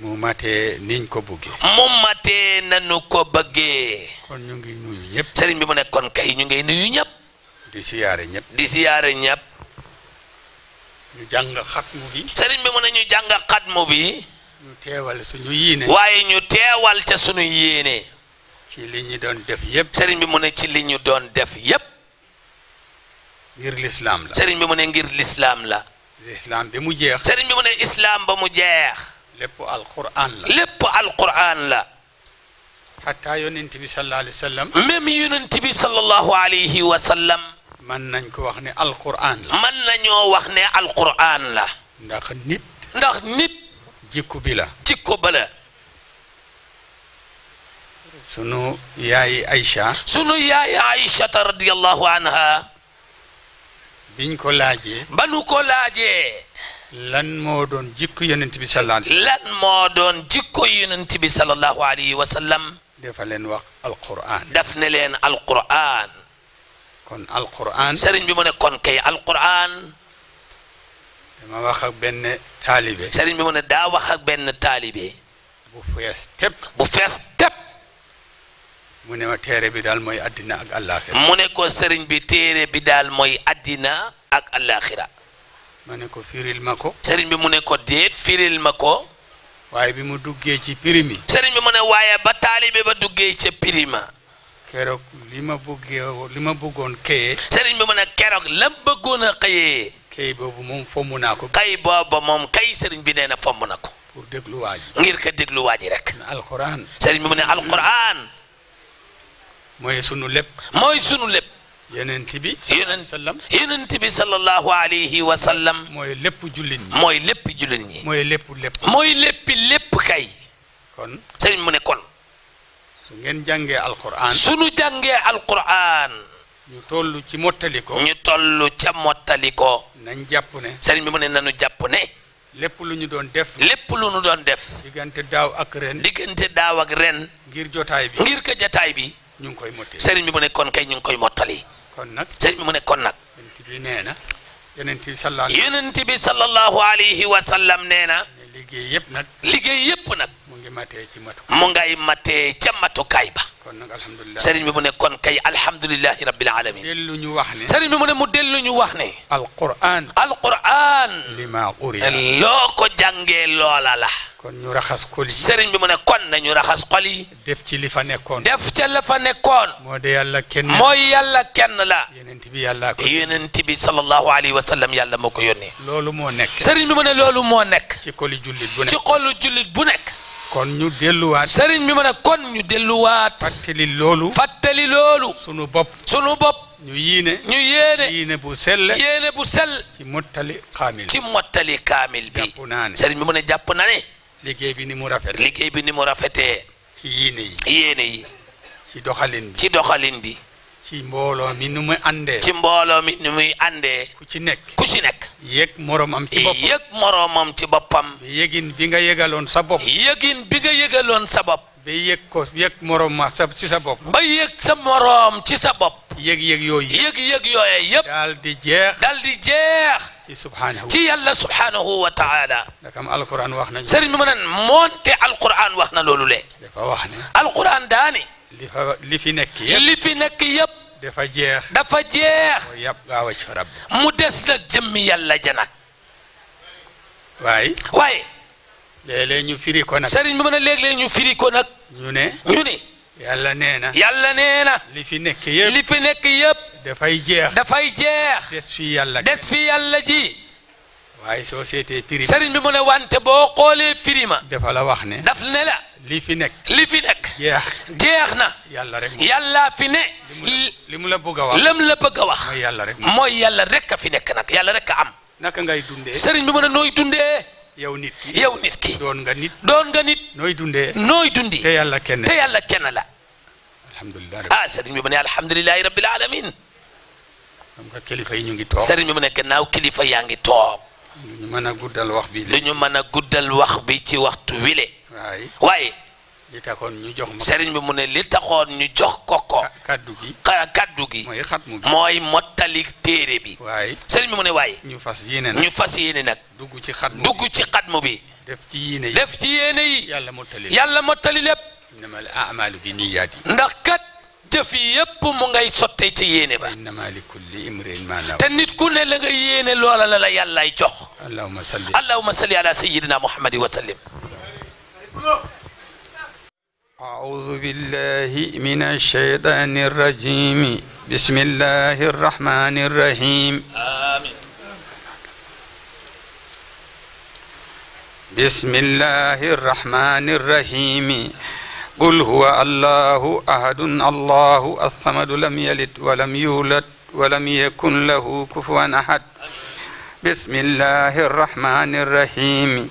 mu matee niñ ko bëggee. mu matee nanu ko bëggee. kon ñu ngi nuyu ñëpp. sëriñ bi mu ne kon kay ñu ngi nuyu ñëpp. di siyaare ñëpp. di siyaare ñëpp. ñu jàng xatmu bi. sëriñ bi mu ne ñu jàng xatmu bi. ñu teewal suñu yéene. waaye ñu teewal ca suñu yéene. ci li ñu doon def yëpp. sëriñ bi mu ne ci li ñu doon def yëpp. ngir lislaam la. sëriñ bi mu ne ngir lislaam la. lislaam bi mu jeex. sëriñ bi ba mu jeex. lépp alquran la lépp alquran la hatta yonent bi sallallahu alayhi wa sallam même yonent bi sallallahu alayhi wa sallam mën nañ ko wax ne alquran la mën nañoo wax ne alquran la ndax nit ndax nit jikko bi la jikko ba la sunu yaay Aïcha sunu yaay Aïcha radiyallahu anha biñ ko laajee ba ko laajee لن مودون جيكو يننتي بي صلى لن مودون جيكو يننتي بي صلى الله عليه وسلم دفلن وق القرآن دفنلن القرآن كون القرآن سرين بي موني كون كي القرآن ما واخك بن طالبي سرين بي موني دا واخك بن طالبي بو فيس تيب بو فيس تيب موني ما تيري بي دال موي ادنا اك الاخره موني كو سرين بي تيري بي دال موي ادنا اك الاخره ma ne ko firil ma ko. sëriñ bi mu ne ko déet firil ma ko. waaye bi mu duggee ci pirimi. sëriñ bi mu ne waaye ba taalibe ba duggee ca pirima. keroog li ma bëggee li ma bëggoon kayee. sëriñ bi mu ne keroog la bëggoon a xëyee. kay boobu moom fomm naa ko. kay boobu moom kay sëriñ bi nee na fomm na ko. pour déglu waa ji. ngir ka déglu waa ji rek. alquran. sëriñ bi mu ne alquran. mooy sunu lépp. mooy sunu lépp. yonent bi. yonent bi sallallahu alayhi wa sallam. mooy lépp jullit ñi. mooy lépp jullit ñi. mooy lépp lépp. mooy léppi lépp kay. kon sëriñ mu ne kon. su ngeen jàngee alquran. sunu jàngee alquran. ñu toll ci mottali ko. ñu toll ca mottali ko. nañ jàpp ne. sëriñ bi mu ne nañu jàpp ne. lépp lu ñu doon def. lépp lu ñu doon def. diggante daaw ak ren. diggante daaw ak ren. ngir jotaay bi. ngir ko jotaay bi. ñu ngi koy mottali sëriñ bi mu ne kay ñu ngi koy mottali. kon nag sëñ bi mu ne kon nag. yonent bi nee na. yonent bi sallallahu yonent bi sallallahu alayhi wa sallam nee na. liggéey yëpp nag. liggéey yëpp nag. mu ngi matee ci matukaay mu ngay matee ca matukaay ba. kon nag alhamdulilah sëriñ bi mu ne kon kay alhamdulilahi rabbil alamin. dellu ñu wax ne. sëriñ bi mu ne mu dellu ñu wax ne. alquran. alquran. lima quriya. loo ko jàngee loola la. kon ñu raxas xol yi sëriñ bi mu ne kon nañu raxas xol yi def ci li fa nekkoon def ca la fa nekkoon moo de yàlla kenn mooy yàlla kenn la yonent bi yàlla ko yonent bi sallallahu alayhi wa sallam yàlla moo ko yónnee loolu moo nekk seriñ bi mu ne loolu moo nekk ci xolu jullit bu nekk ci xolu bu nekk kon ñu delluwaat sëriñ bi mu ne kon ñu delluwaat fàttali loolu fàttali loolu sunu bopp sunu bopp ñu yiine ñu yéene yiine bu sell yéene bu sell ci mottali kaamil ci mottali kaamil bi jàpp naa ne sëriñ bi mu ne jàpp liggéey bi ni mu rafet liggéey bi ni mu rafetee. ci yéene yi ci doxalin bi ci doxalin bi. ci mbooloo mi ni muy àndee. ci mbooloo mi ni muy àndee. ku ci nekk ku ci nekk. yëg moroomam ci boppam yëg moroomam ci boppam. yëgin bi nga yëgaloon sa bopp. yëgin bi nga yëgaloon sa bopp. ba yëg ko yëg moroom ma ci sa bopp. ba yëg sa moroom ci sa bopp. yëg yëg yooyu. yëg yëg yooyu jeex. تي الله سبحانه وتعالى القرآن واخنا سري منن مونتي القرآن واخنا لولو لي القرآن داني اللي في نك اللي في نك يب دفا جيخ دفا جيخ يب غاوش رب مودس نك جمي يالا جنك واي واي لي لي ني فريكو نك سري منن لي لي ني فريكو نك ني ني يلا نينا يلا نينا اللي في نك يب اللي في نك يب ده في جيخ ده في جيخ دس في يلا دس في يلا جي واي سو سيتي فريما سرين بي مون وانت بو قولي فريما ده فلا واخني ده فلا اللي في نك اللي في نك جيخ جيخنا يلا رك يلا في نك لم لا بوغا واخ لم لا بوغا واخ مو يلا رك مو يلا رك في نك نك يلا رك ام نك غاي دوندي سرين بي مون نوي دوندي yow nit ki yow nit ki. doon nga nit doon nga nit. nooy dundee nooy dundi. te yàlla kenn te yàlla kenn la. alhamdulilah ah sëriñ bi mu ne alhamdulilahi rabbil alamin. xam nga kilifa yi ñu ngi toog sëriñ bi mu kilifa yaa ngi toog. du ñu mën a guddal wax bi. du mën a guddal wax ci waxtu wile. waaye. li taxoon ñu jox sëriñ bi mu ne li taxoon ñu jox ko ko. kaddu gi kaddu gi. mooy xatmu gi mooy mottali téere bi. waaye sëriñ bi mu ne waaye. ñu fas yéene nag ñu fas yéene dugg ci xatmu bi dugg ci xatmu bi. def ci yéene yi def ci yàlla mottali yàlla mottali lépp. innamal ah, a'maalu bi niyaat ndax kat jëf yépp mu ngay sottee ci yéene ba. innamaa te nit ku ne la nga yéene loola la la yàllaay jox. allahumma salli allahumma salli ala sayyidina muhammadin wa sallim. أعوذ بالله من الشيطان الرجيم بسم الله الرحمن الرحيم آمين بسم الله الرحمن الرحيم قل هو الله أحد الله الصمد لم يلد ولم يولد ولم يكن له كفوا أحد بسم الله الرحمن الرحيم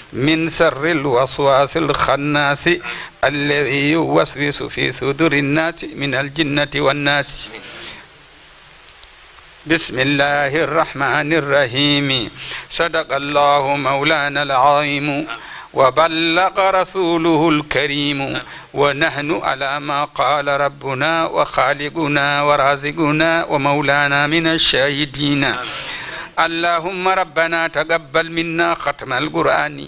من سر الوسواس الخناس الذي يوسوس في صدور الناس من الجنة والناس بسم الله الرحمن الرحيم صدق الله مولانا العظيم وبلغ رسوله الكريم ونحن على ما قال ربنا وخالقنا ورازقنا ومولانا من الشاهدين آمين. اللهم ربنا تقبل منا ختم القرآن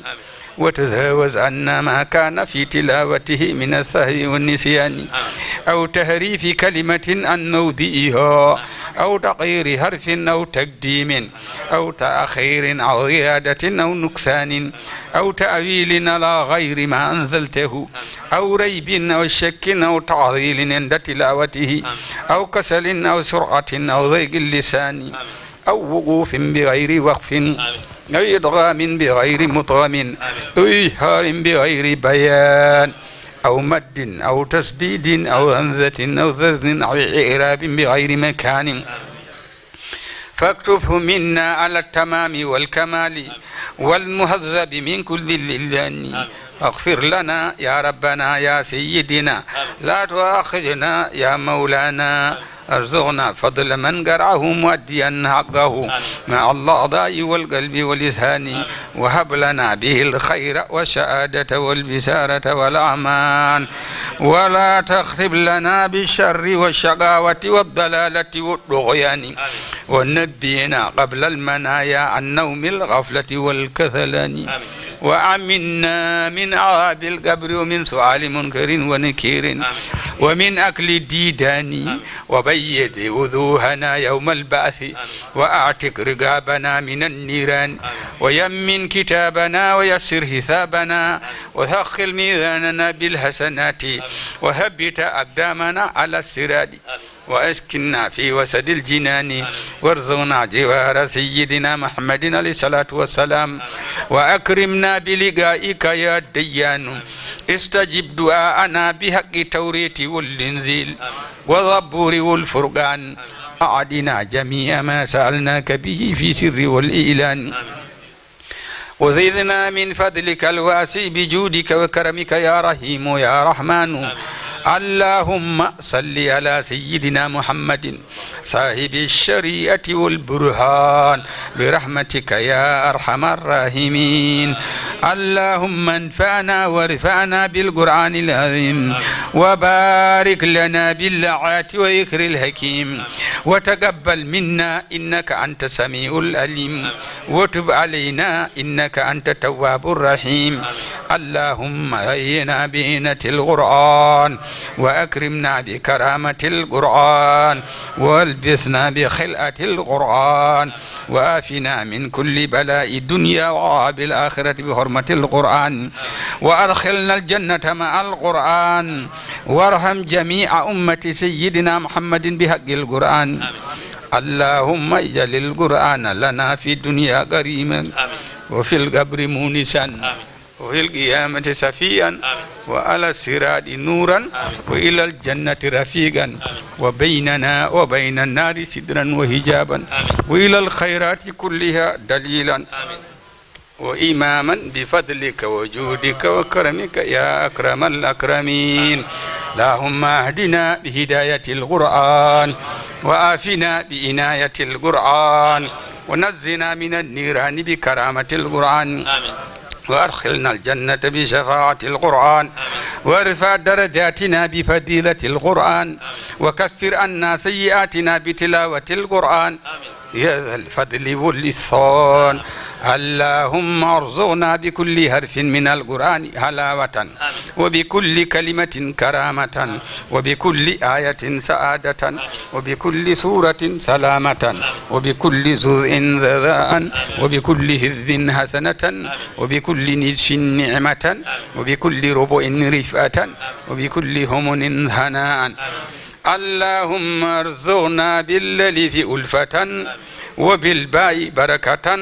وتزاوز عنا ما كان في تلاوته من السهي والنسيان أو تهريف كلمة عن موضعها أو تغيير حرف أو تقديم أو تأخير أو زيادة أو نقصان أو تأويل على غير ما أنزلته أو ريب أو شك أو تعظيل عند تلاوته أو كسل أو سرعة أو ضيق اللسان أو وقوف بغير وقف أو إدغام بغير مطغم أو إجهار بغير بيان أو مد أو تسديد أو همزة أو ذذن أو إعراب بغير مكان فاكتبه منا على التمام والكمال والمهذب من كل اللذان اغفر لنا يا ربنا يا سيدنا لا تؤاخذنا يا مولانا ارزقنا فضل من قرعه مؤديا حقه مع الأعضاء والقلب واللسان وهب لنا به الخير والشهادة والبسارة والأعمان ولا تخرب لنا بالشر والشقاوة والضلالة والطغيان ونبينا قبل المنايا عن نوم الغفلة والكثلان آمين وعمنا من عذاب القبر ومن سؤال منكر ونكير آمين. ومن أكل الديدان وبيد وذوهنا يوم البعث وأعتق رقابنا من النيران آمين. ويمن كتابنا ويسر حسابنا وثقل ميزاننا بالحسنات وثبت أقدامنا على آمين. وأسكننا في وسد الجنان وارزقنا جوار سيدنا محمد عليه الصلاة والسلام وأكرمنا بلقائك يا ديان استجب دعاءنا بحق توريت والانزيل والزبور والفرقان أعدنا جميع ما سألناك به في سر والإعلان وزدنا من فضلك الواسع بجودك وكرمك يا رحيم يا رحمن آمين. اللهم صل على سيدنا محمد صاحب الشريعة والبرهان برحمتك يا أرحم الراحمين اللهم انفعنا وارفعنا بالقرآن العظيم وبارك لنا باللعات وذكر الحكيم وتقبل منا إنك أنت سميع العليم وتب علينا إنك أنت تواب الرحيم اللهم هينا بهنة القرآن وأكرمنا بكرامة القرآن والبسنا بخلقة القرآن وآفنا من كل بلاء الدنيا وعاب الآخرة بحرمة برحمة القرآن وأدخلنا الجنة مع القرآن وارحم جميع أمة سيدنا محمد بحق القرآن اللهم اجعل القرآن لنا في الدنيا كريما وفي القبر مونسا وفي القيامة سفيا وعلى الصراط نورا وإلى الجنة رفيقا وبيننا وبين النار سدرا وهجابا وإلى الخيرات كلها دليلا وإماما بفضلك وجودك وكرمك يا أكرم الأكرمين اللهم اهدنا بهداية القرآن وآفنا بإناية القرآن ونزنا من النيران بكرامة القرآن آمين وأدخلنا الجنة بشفاعة القرآن وارفع درجاتنا بفضيلة القرآن وكثر عنا سيئاتنا بتلاوة القرآن آمين. يا ذا الفضل والإحسان اللهم ارزقنا بكل حرف من القرآن حلاوة وبكل كلمة كرامة وبكل آية سعادة وبكل سورة سلامة وبكل جزء رضاء وبكل هذ حسنة وبكل نش نعمة وبكل ربع رفعة وبكل همن هناء اللهم ارزقنا بالالف ألفة وبالباء بركة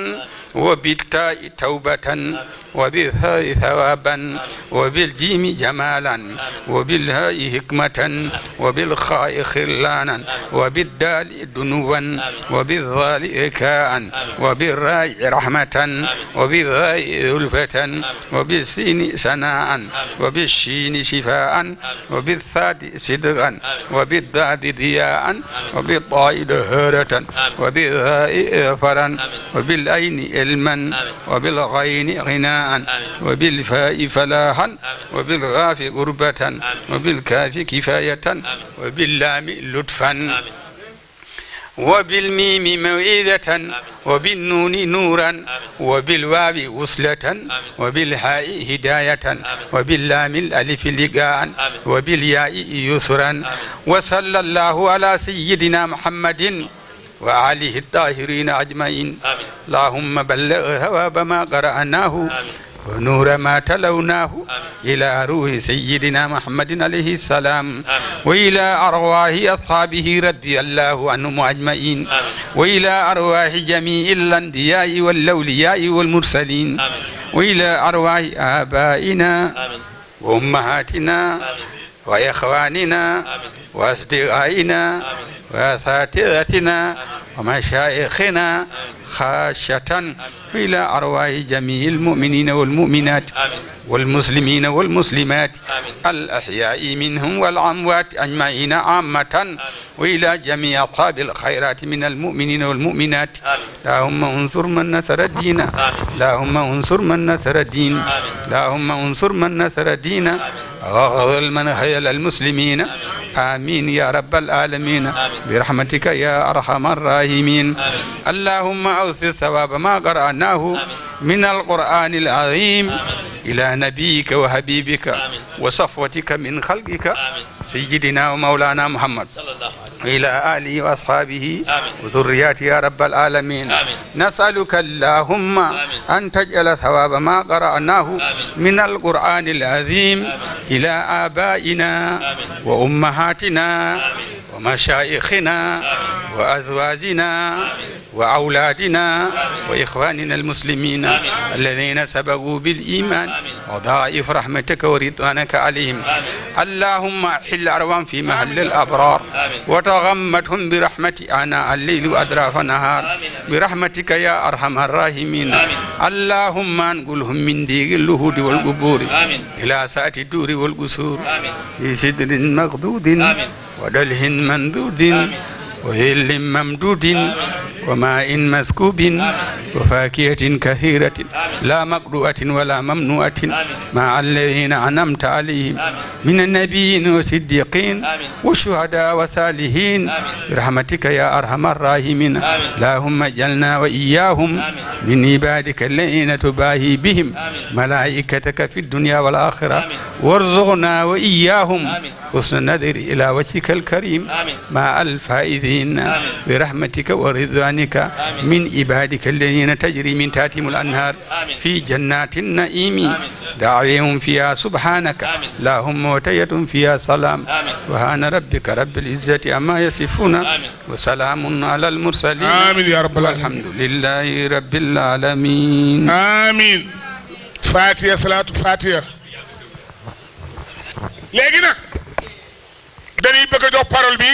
وبالتاء توبة وبالهاء ثوابا وبالجيم جمالا وبالهاء حكمة وبالخاء خلانا وبالدال دنوا وبالظال إكاء وبالراء رحمة وبالظاء ذلفة وبالسين سناء وبالشين شفاء وبالثاد صدقا وبالذاد ضياء وبالطاء دهرة وبالهاء إغفرا وبالأين علما آمين. وبالغين غناء آمين. وبالفاء فلاحا آمين. وبالغاف غربة آمين. وبالكاف كفاية آمين. وباللام لطفا آمين. وبالميم موئذة وبالنون نورا آمين. وبالواو وصلة وبالحاء هداية آمين. وباللام الألف لقاء وبالياء يسرا وصلى الله على سيدنا محمد وعليه الطاهرين أجمعين اللهم بلغ ثواب ما قرأناه ونور ما تلوناه آمين. إلى روح سيدنا محمد عليه السلام آمين. وإلى أرواح أصحابه رضي الله عنهم أجمعين وإلى أرواح جميع الأنبياء والأولياء والمرسلين آمين. وإلى أرواح آبائنا آمين. وأمهاتنا آمين. وإخواننا آمين. وأصدقائنا آمين. وأساتذتنا ومشايخنا خاشة إلى أرواح جميع المؤمنين والمؤمنات والمسلمين والمسلمات الأحياء منهم والأموات أجمعين عامة وإلى جميع أصحاب الخيرات من المؤمنين والمؤمنات اللهم انصر من نصر الدين اللهم انصر من نصر الدين اللهم انصر من نصر الدين واغضل من خيل المسلمين آمين يا رب العالمين آمين. برحمتك يا أرحم الراحمين اللهم أوصي ثواب ما قرأناه من القرآن العظيم آمين. إلى نبيك وحبيبك وصفوتك من خلقك آمين. سيدنا ومولانا محمد صلى الله عليه وسلم الى آله وأصحابه آمين. وذرياته يا رب العالمين آمين. نسألك اللهم آمين. أن تجعل ثواب ما قرأناه آمين. من القرآن العظيم آمين. إلى آبائنا آمين. وأمهاتنا آمين. ومشايخنا آمين. وأزواجنا آمين. وأولادنا آمين. وإخواننا المسلمين آمين. الذين سبقوا بالإيمان وضائف رحمتك ورضوانك عليهم آمين. اللهم حل الأعوام في محل الأبرار وتغمتهم برحمتي أنا الليل أدراف نهار برحمتك يا أرحم الراحمين اللهم انقلهم من ديق اللهود والقبور إلى ساعة الدور والقصور في سدر مغدود ودله مندود وهل ممدود وماء مسكوب وفاكهة كثيرة لا مقروءة ولا ممنوعة مع الذين أنمت عليهم من النبيين والصديقين والشهداء وصالحين برحمتك يا أرحم الراحمين اللهم اجعلنا وإياهم من عبادك الذين تباهي بهم ملائكتك في الدنيا والآخرة وارزقنا وإياهم حسن النذر إلى وجهك الكريم مع الفائزين برحمتك ورضوانك من عبادك الذين خالدين تجري من تاتهم الأنهار في جنات النعيم دعويهم فيها سبحانك اللهم موتية فيها سلام سبحان ربك رب العزة أما يصفون وسلام على المرسلين آمين يا رب العالمين الحمد لله رب العالمين آمين فاتية صلاة فاتية لكن nag dañuy bëgg a jox parole bi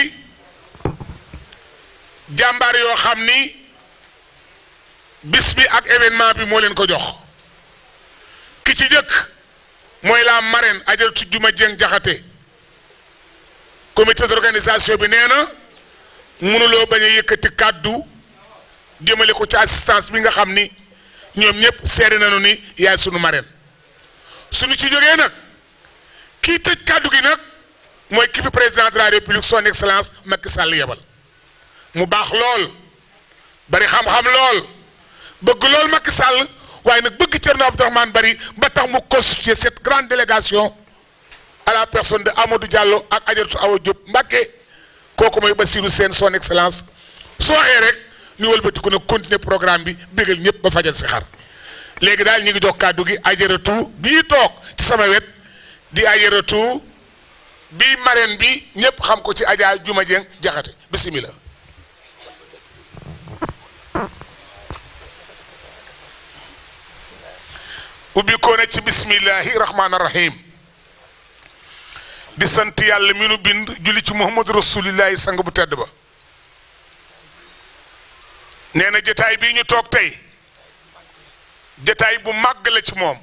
jàmbaar bis bi ak événement bi moo leen ko jox ki ci jëkk mooy la marraine ajal ci juma jeng jaxate comité d'organisation bi nee na mënuloo bañ a yëkkati kàddu jëmale ko ci assistance bi nga xam ni ñoom ñëpp seere nañu ni yaay suñu marraine suñu ci jógee nag kii tëj kàddu gi nag mooy ki fi président de la république son excellence Macky Sall yebal mu baax lool bari xam-xam lool bëgg loolu Macky Sall waaye nag bëgg Thierno Abdourahmane Bari ba tax mu constituer cette grande délégation à la personne de Amadou Diallo ak Adjaratou Awa Diop Mbacké kooku mooy Bassirou Sène son excellence soo xee rek ñu wëlbatiku nag continuer programme bi bégal ñëpp ba fajal si xar léegi daal ñu ngi jox kàddu gi Adjaratou bii toog ci sama wet di Adjaratou bii marraine bi ñëpp xam ko ci Adja Juma Dieng Jaxate bisimilah. ubbikoo na ci bismillahi rahmaani rahim di sant yàlla mi nu bind julli ci muhammadu rasulillahi sang bu tedd ba nee jataay bii ñu toog tey jataay bu màgg la ci moom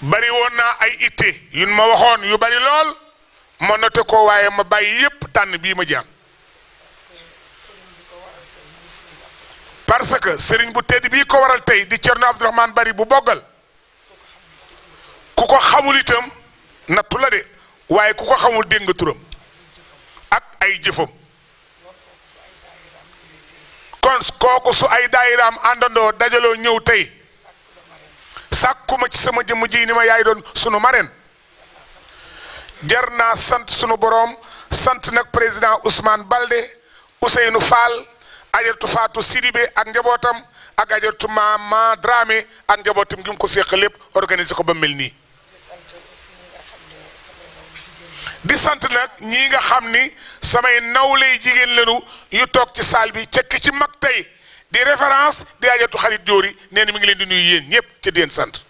bari woon naa ay itte yun ma waxoon yu bari lool ma noté ko waaye ma bàyyi yépp tànn bii ma jàng parce que sëriñ bu tedd bii ko waral tey di Cerno Abdourahmane Bari bu boggal ku ko xamul itam nattu la de waaye ku ko xamul dégg nga turam ak ay jëfam kon kooku su ay daayiraam àndandoo dajaloo ñëw tey sàkkuma ci sama jëmm ji ni ma yaay doon sunu marraine jar naa sant sunu boroom sant nag président Ousmane Balde Ousseynou Fall ajartu Faatu Sidibe ak njabootam ak ajartu Mama Dramé ak njabootam gi mu ko seq lépp organiser ko ba mel nii di sant nag ñi nga xam ni samay nawley jigéen leenu yu toog ci saal bi cekk ci mag tey di référence di ajartu xarit Jóori nee na mi ngi leen di nuy yéen ñëpp ci di sant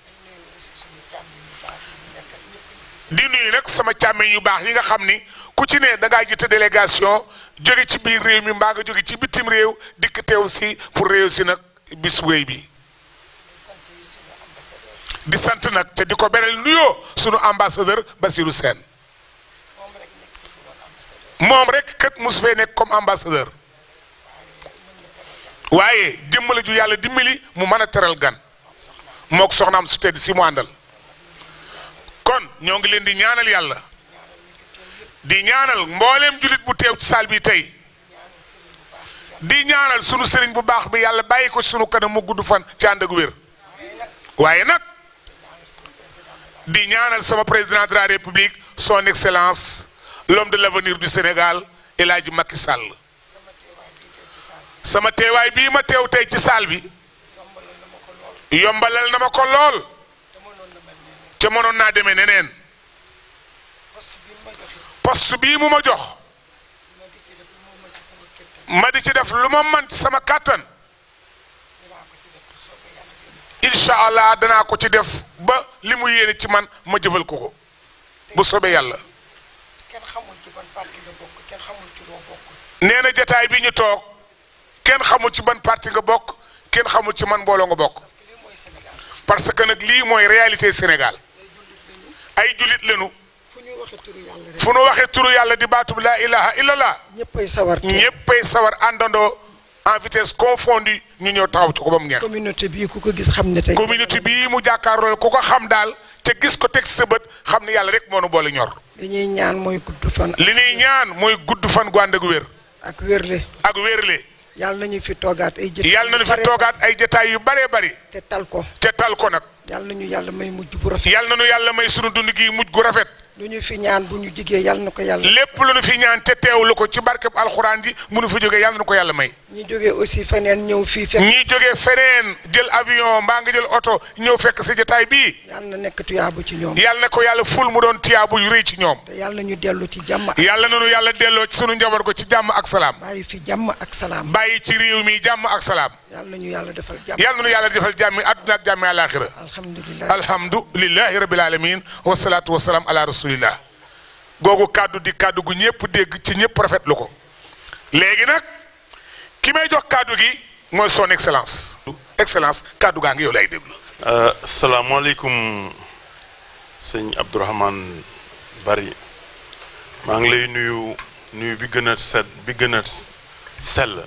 di nuyu nag sama càmmiñ yu baax yi nga xam ni ku ci ne da ngaa jiite délégation jóge ci biir réew mi mbaa nga jóge ci bitim réew dikk teew si pour réew si nag bis wéy bi di sant nag te di ko beral nuyoo sunu ambassadeur Basirou seen moom rek kat mus fee nekk comme ambassadeur waaye jëmmale ju yàlla dimbali mu mën a teral gan mook soxnaam su tedd si mu àndal kon ñoo ngi leen di ñaanal yàlla di ñaanal mbooleem jullit bu teew ci saal bi tey di ñaanal sunu sëriñ bu baax bi yàlla bàyyi ko sunu kanam mu gudd fan ci ànd ak wér waaye nag di ñaanal sama président de la république son excellence l'homme de l'avenir du Sénégal El Hadji Macky sama teewaay bii ma teew tey ci saal bi yombalal na ma ko lool te mënoon naa demee neneen poste bii mu ma jox ma di ci def lu ma man ci sama kàttan incha allah danaa ko ci def ba li mu yéene ci man ma jëfal ko ko bu soobee yàlla nee na jataay bi ñu toog kenn xamul ci ban parti nga bokk kenn xamul ci man mbooloo nga bokk parce que nag lii mooy réalité Sénégal ay julit lañu fu ñu waxee turu yàlla di baatub laa ilaha illallah ñëppay sawar ñëppay sawar àndandoo en vitesse confondue ñu ñëw taxaw ci ko mu neex. communauté bii ku ko gis xam ne tey. communauté bi mu jàkkaarloo ku ko xam daal te gis ko teg sa bët xam ne yàlla rek moo nu boole ñor. li ñuy ñaan mooy gudd fan. li ñuy ñaan mooy gudd fan gu ànd ak wér. ak wérle. ak wérle. yàlla nañu fi toogaat ay. jëtaay yu yàlla nañu fi toogaat ay jëtaay yu bëree bëri. te tal ko. te tal ko nag. yàlla na ñu yàlla may mujj bu rafet. yàlla na ñu yàlla may sunu dund gi mujj gu rafet. lu ñu fi ñaan bu ñu jigee yàlla na ko yàlla. lépp lu ñu fi ñaan te teewlu ko ci barkeb alxuraan ji mu nu fi jógee yàlla na ko yàlla may. ñi jógee aussi feneen ñëw fii fekk. ñi jógee feneen jël avion mbaa ngi jël oto ñëw fekk sa jotaay bii. yàlla na nekk tuyaabu ci ñoom. yàlla na ko yàlla ful mu doon tuyaabu yu rëy ci ñoom. te yàlla na ñu dellu ci jàmm ak. yàlla na ñu yàlla delloo ci sunu njaboot ko ci jàmm ak salaam. bàyyi fi jàmm ak salaam. bàyyi ci réew mi jàmm ak salaam yàlla na ñu yàlla defal jàmm na yàlla defal jàmm àdduna ak jàmm àlaaxira alhamdulilahi rabbil alamin wasalaatu wasalaam ala rasulillah googu kàddu di kàddu gu ñëpp dégg ci ñëpp rafetlu ko léegi nag ki may jox kàddu gi mooy son excellence excellence kàddu gaa ngi yow lay déglu euh, salaamaaleykum sëñ Abdourahmane Bari maa ngi lay nuyu nuyu bi gën a bi gën a sell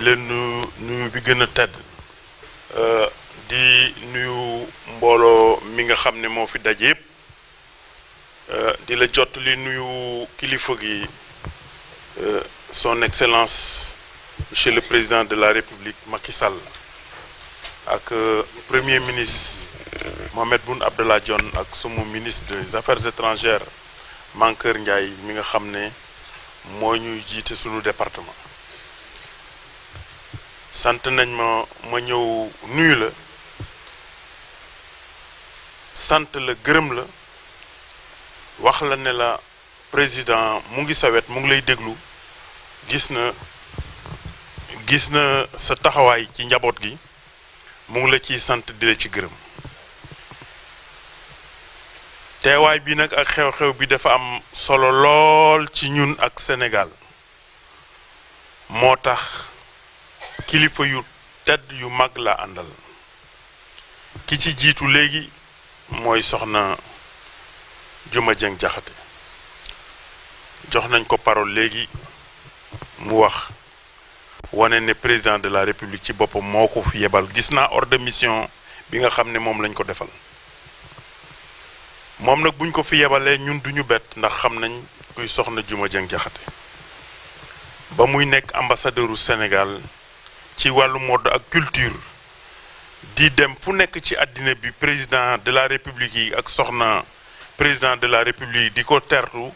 nous avons nuyu bi gën la euh, son excellence monsieur le président de la république Macky Sall le euh, premier ministre Mohamed Boun Abdallah et ak ministre des affaires étrangères Mankeur Ndiaye mi nga xam ne ñuy département. sant nañ ma ma ñëw nuyu la sant la gërëm la wax la ne la président mu ngi sa wet mu ngi lay déglu gis na gis na sa taxawaay ci njaboot gi mu ngi la ciy sant di la ci gërëm teewaay bi nag ak xew-xew bi dafa am solo lool ci ñun ak senegal moo tax kilifa yu tedd yu mag la àndal ki ci jiitu léegi mooy soxna Juma Jeng Jaxate jox nañ ko parole léegi mu wax wane ne président de la république ci boppam moo ko fi yebal gis naa ordre de mission bi nga xam ne moom lañ ko defal moom nag buñ ko fi yebalee ñun duñu bet ndax xam nañ kuy soxna Juma Jeng Jaxate ba muy nekk ambassadeuru Sénégal ci walu mode ak culture di dem fu nek ci adina bi président de la république ak soxna président de la république diko ko tertu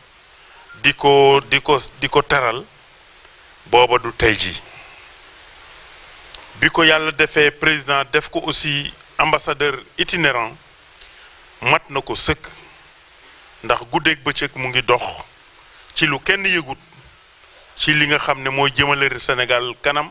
diko diko di teral booba du tayji bi ko président def ko aussi ambassadeur itinérant mat nako seuk sëkk ndax guddeeg bëccëg mu ngi dox ci lu kenn yegut ci li nga xamné ne mooy Sénégal kanam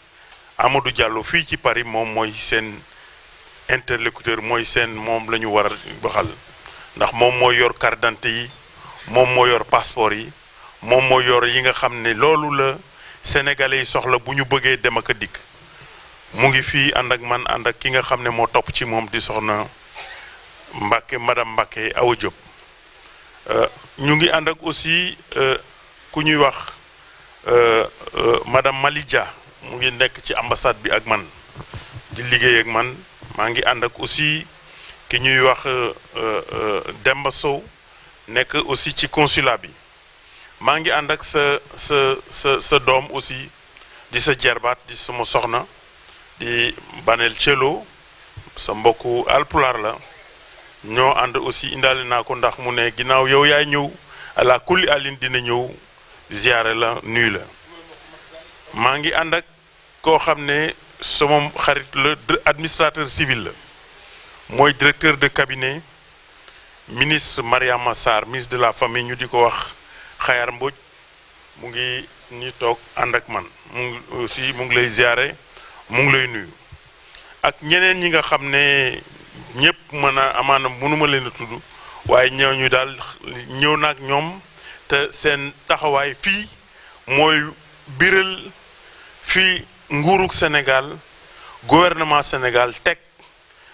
Amadou Diallo fi ci Paris mom moy sen interlocuteur moy sen mom lañu war baxal ndax mom moy yor carte d'identité yi moom moo yor passeport yi mom moy yor yi nga xam ne la sénégalais soxla buñu bëggee dem ak dik mu ngi fi and ak man and ak ki nga xam mo top ci mom di soxna Mbacke madame Mbacke job euh ñu ngi and ak aussi euh, ku ñuy wax euh, euh, madame Malidia mu ngi nekk ci ambassade bi ak man di liggéey ak man maa ngi ànd ak aussi ki ñuy wax euh, euh, Demba Sow nekk aussi ci consulat bi maa ngi ànd ak sa sa sa sa doom aussi di sa jerbaat di sama soxna di Banel Thieloo sa mbokku alpulaar la ñoo ànd aussi indaale naa ko ndax mu ne ginnaaw yow yaay ñëw ala kulli alin dina ñëw ziyaare la nuyu la maa ngi ànd ak ko xamné somom xarit le administrateur civil la mooy directeur de cabinet ministre Mariama Massar ministre de la famille ñu diko wax Khayar Mbodj mu ngi ni tok and ak man mu ngi aussi mu ngi lay ziare mu ngi lay nuyu ak ñeneen ñi nga xamné ñepp mëna amana mënuma leen tuddu waye ñew ñu dal ñew nak ñom te sen taxaway fi moy biral fi nguurug Sénégal gouvernement Sénégal teg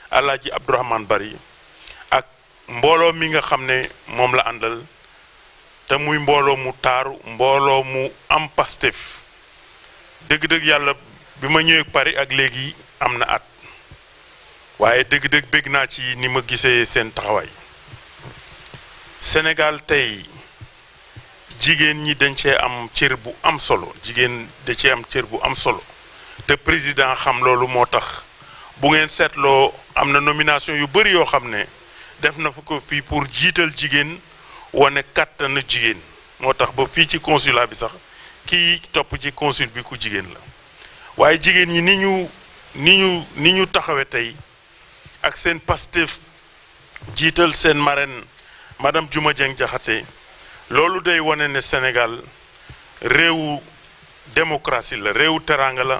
Alaaji Abdourahmane Bari ak mbooloo mi nga xam ne moom la àndal te muy mbooloo mu taaru mbooloo mu am Pastef dëgg-dëgg yàlla bi ma ñëwee Paris ak léegi am na at waaye dëgg-dëgg bégg naa ci ni ma gisee seen taxawaay Sénégal tey jigéen ñi dañ am cër bu am solo jigéen da cee am cër bu am solo te président xam lolu motax bu ngeen setlo amna nomination yu beuri yo xamne ne def na fa ko pour jiital jigen woné kàttanu jigéen moo tax ba fi ci consulat bi sax ki top ci consul bi ku jigen la waye jigen ñi niñu niñu niñu taxawé tay ak sen Pastef sen marraine madame Diouma Dieng Diakhaté lolu day woné Sénégal réewu démocratie la réewu teranga la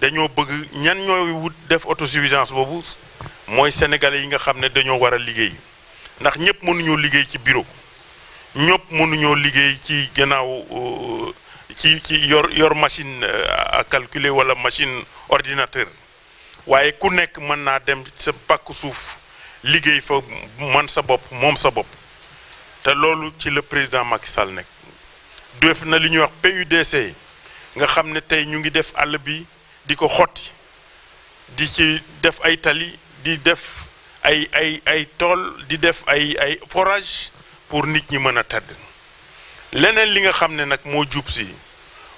dañoo bëgg ñan ñooy wut def auto suffisance boobu mooy sénégalais yi nga xam ne dañoo war a liggéey ndax ñëpp mënuñoo liggéey ci bureau ñëpp mënuñoo liggéey ci gannaaw euh, ci ci yor yor machine euh, à calculer wala machine ordinateur waaye ku nekk mën naa dem sa pàkk suuf liggéey fa man sa bopp moom sa bopp te loolu ci le président Macky Sall nekk def na li ñuy wax PUDC nga xam ne tey ñu ngi def àll bi di ko di ci def ay tali di def ay ay ay tol di def ay ay forage pour nit ñi mëna a tedd leneen li nga xamne ne mo jup jub si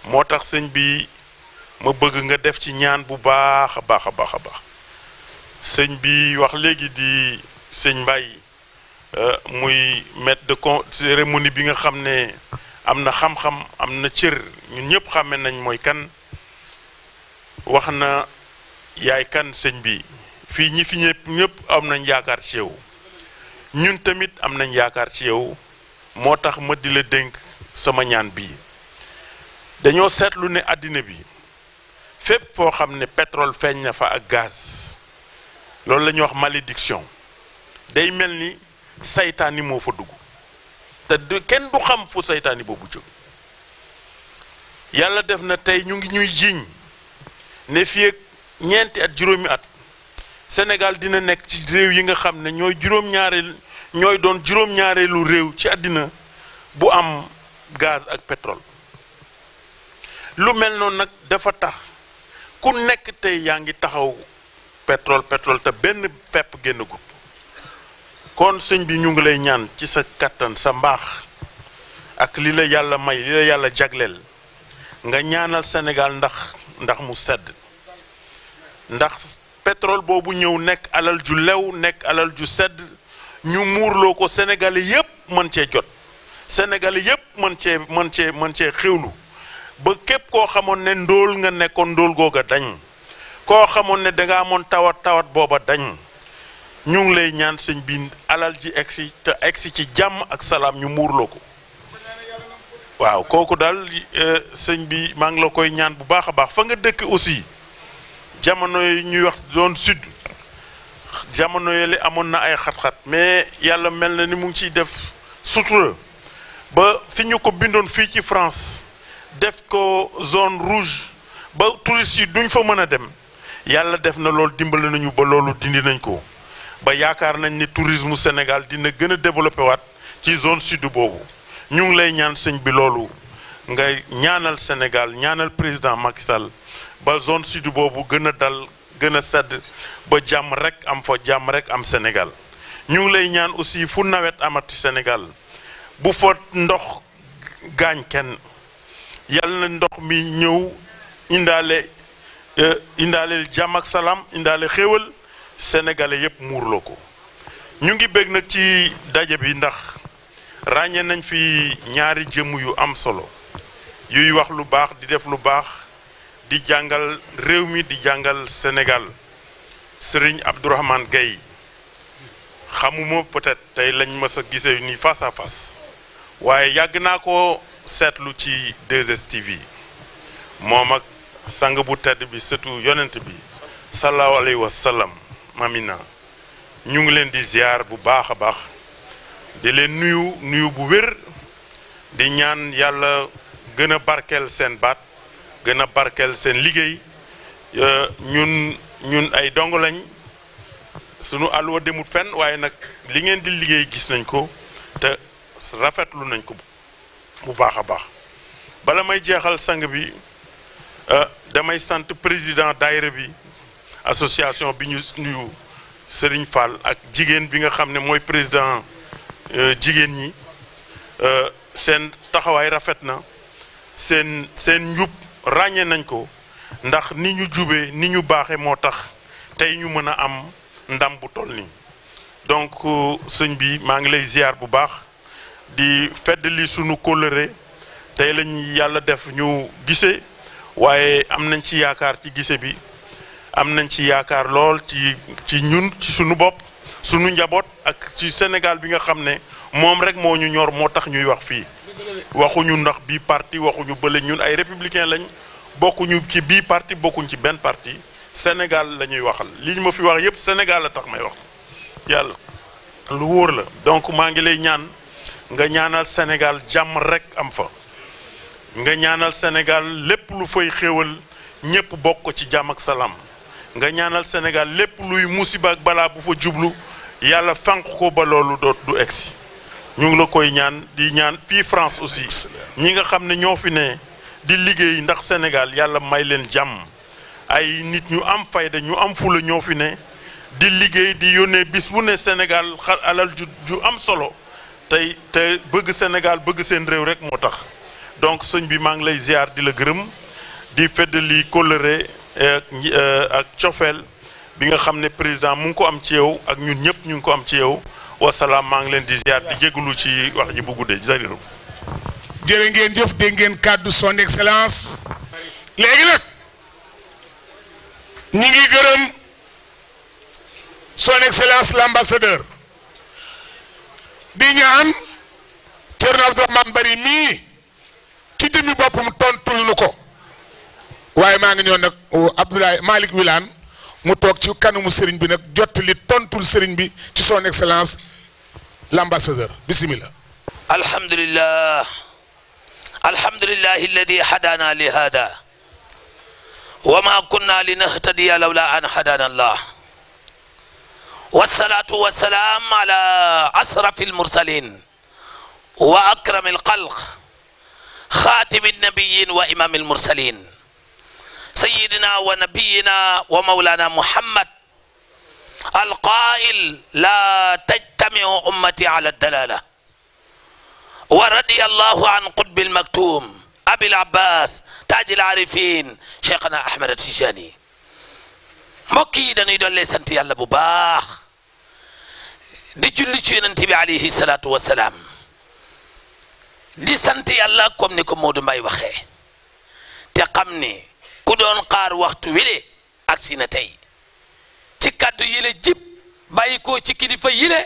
moo tax bi ma bëgg nga def ci ñaan bu baax baax baax baax señ bi wax legi di mbay euh muy met de cérémonie bi nga xamne ne am na xam-xam am na cër ñun ñëpp xamé nañ moy kan wax na yaay kan sëñ bi fii ñi fi ñëpp am nañ yaakaar ci yow ñun tamit am nañ yaakaar ci yow moo tax ma di la dénk sama ñaan bii dañoo seetlu ne àddina bi fépp foo xam ne pétrole feeñ na fa ak gaz loolu la wax malédiction day mel ni saytaani moo fa dugg te kenn du xam fu saytaani boobu jóg yàlla def na tey ñu ngi ñuy jiiñ ne fii ak ñeenti at juróomi at Sénégal dina nekk ci réew yi nga xam ne ñooy juróom doon juróom-ñaareelu réew ci àddina bu am gaz ak pétrole lu mel noon nag dafa tax ku nekk tey yaa ngi taxaw pétrole pétrole te benn fepp génn gut kon sëñ bi ñu ngi lay ñaan ci sa kattan sa mbaax ak li la yàlla may li la yàlla jagleel nga ñaanal Sénégal ndax ndax mu sedd ndax pétrole boobu ñëw nekk alal ju lew nekk alal ju sedd ñu muurloo ko sénégalais yépp mën cee jot sénégalais yépp mën cee mën cee mën cee xiwlu ba képp koo xamoon ne ndóol nga nekkoon ndóol googa dañ koo xamoon ne danga amoon tawat tawat booba dañ ñu ngi lay ñaan sëñ bi alal ji egsi te egsi ci jàmm ak salaam ñu muurloo ko waaw kooku daal euh, sëñ bi maa ngi la koy ñaan bu baax a baax fa nga dëkk aussi jamono yi ñuy wax zone sud jamono yële amoon na ay xat-xat mais yàlla mel na ni mu ngi ciy def sutura ba fi ñu ko bindoon fii ci France def ko zone rouge ba touristes yi duñ fa mën a dem yàlla def na loolu dimbali nañu ba loolu dindi nañ ko ba yaakaar nañ ni tourisme Sénégal dina gën a développé waat ci zone sud boobu. ñu ngi lay ñaan sëñ bi loolu nga ñaanal Sénégal ñaanal président Macky Sall ba zone sud boobu gën a dal gën a sedd ba jàmm rek am fa jàmm rek am Sénégal ñu ngi lay ñaan aussi fu nawet amati Sénégal bu foot ndox gaañ kenn yàlla ndox mi ñëw indaale euh, indaale jàmm ak salaam indaale xéwal sénégalais yépp muurloo ko ñu ngi bég nag ci daje bi ndax ràññe nañ fi ñaari jëmm yu am solo yuy wax lu baax di def lu baax di jàngal réew mi di jàngal Sénégal Serigne Abdourahmane Gaye xamuma peut-être tey lañ mës a ni face à face waaye yàgg naa ko seetlu ci 2STV moom ak sang bu tedd bi surtout yonent bi sallallahu alayhi wa sallam mamina ñu ngi leen di ziar bu baax a baax di leen nuyu nuyu bu wér di ñaan yàlla gën a barkeel seen baat gën a barkeel seen liggéey euh, ñun ñun ay dong lañ sunu àlluwa demut fenn waaye nag li ngeen di liggéey gis nañ ko te rafetlu nañ ko bu baax a baax bala may jeexal sang bi euh, damay sant président daayira bi association bi ñu nuyu Serigne Fall ak jigéen bi nga xam ne mooy président Euh, jigéen ñi euh, seen taxawaay rafet na seen seen njub ràññee nañ ko ndax ni ñu jubee ni ñu baaxee moo tax tey ñu mën a am ndam bu toll nii donc sëñ bi maa ngi lay ziar bu baax di fedd li sunu kóllëre tey lañu yàlla def ñu gise waaye am nañ ci yaakaar ci gise bi am nañ ci yaakaar lool ci ci ñun ci sunu bopp sunu njaboot ak ci Sénégal bi nga xam ne moom rek moo ñu ñor moo tax ñuy wax fii waxuñu ndax bii parti waxuñu bële ñun ay républicain lañ bokkuñu ci bii parti bokkuñ ci benn parti Sénégal la ñuy waxal li ñu ma fi wax yépp Sénégal la tax may wax yàlla lu wóor la donc maa ngi lay ñaan nga ñaanal Sénégal jàmm rek am fa nga ñaanal Sénégal lépp lu fay xéwal ñépp bokk ci jàmm ak salaam nga ñaanal Sénégal lépp luy musiba ak balaa bu fa jublu yalla la ko ba lolou do du exi ñu ngi la koy ñaan di ñaan fi France aussi ñi nga fi ne di liggéey ndax Sénégal yalla may leen ay nit ñu am fayda ñu am nous ñoo fi ne di liggéey di bis bu ne Sénégal alal ju am solo te bëgg Sénégal bëgg donc sëñ bi Nous ngi lay ziar di la gërëm di bi nga xam ne président mu ngi ko am ci yow ak ñun ñëpp ñu ngi ko am ci yow wasalaam maa ngi leen di ziar di jégalu ci wax ji bu guddee jërëjëf. jërë ngeen jëf dégg ngeen kàddu son excellence. léegi nag ñu ngi gërëm son excellence l' di ñaan Thierno Abdourahmane Bari mii ci jëmmi boppam tontul nu ko waaye ngi Abdoulaye Wilane. mu tok ci kanamu serigne bi nak jotali tontul serigne bi ci son excellence l'ambassadeur bismillah alhamdulillah alhamdulillah alladhi hadana li hada wa ma kunna linahtadiya lawla an hadana allah والصلاة والسلام على اشرف المرسلين وأكرم الخلق خاتم النبيين وإمام المرسلين سيدنا ونبينا ومولانا محمد القائل لا تجتمع أمتي على الدلالة ورضي الله عن قطب المكتوم أبي العباس تاج العارفين شيخنا أحمد الشيشاني mbokk yi dañuy dollee sant yàlla bu baax di julli ci yonent bi alayhi salaatu wasalaam di sant yàlla comme ni ko Modou Mbaye waxee te xam ni ku doon xaar waxtu wile si na tey ci kàddu yile jib bàyyi ci kilifa yile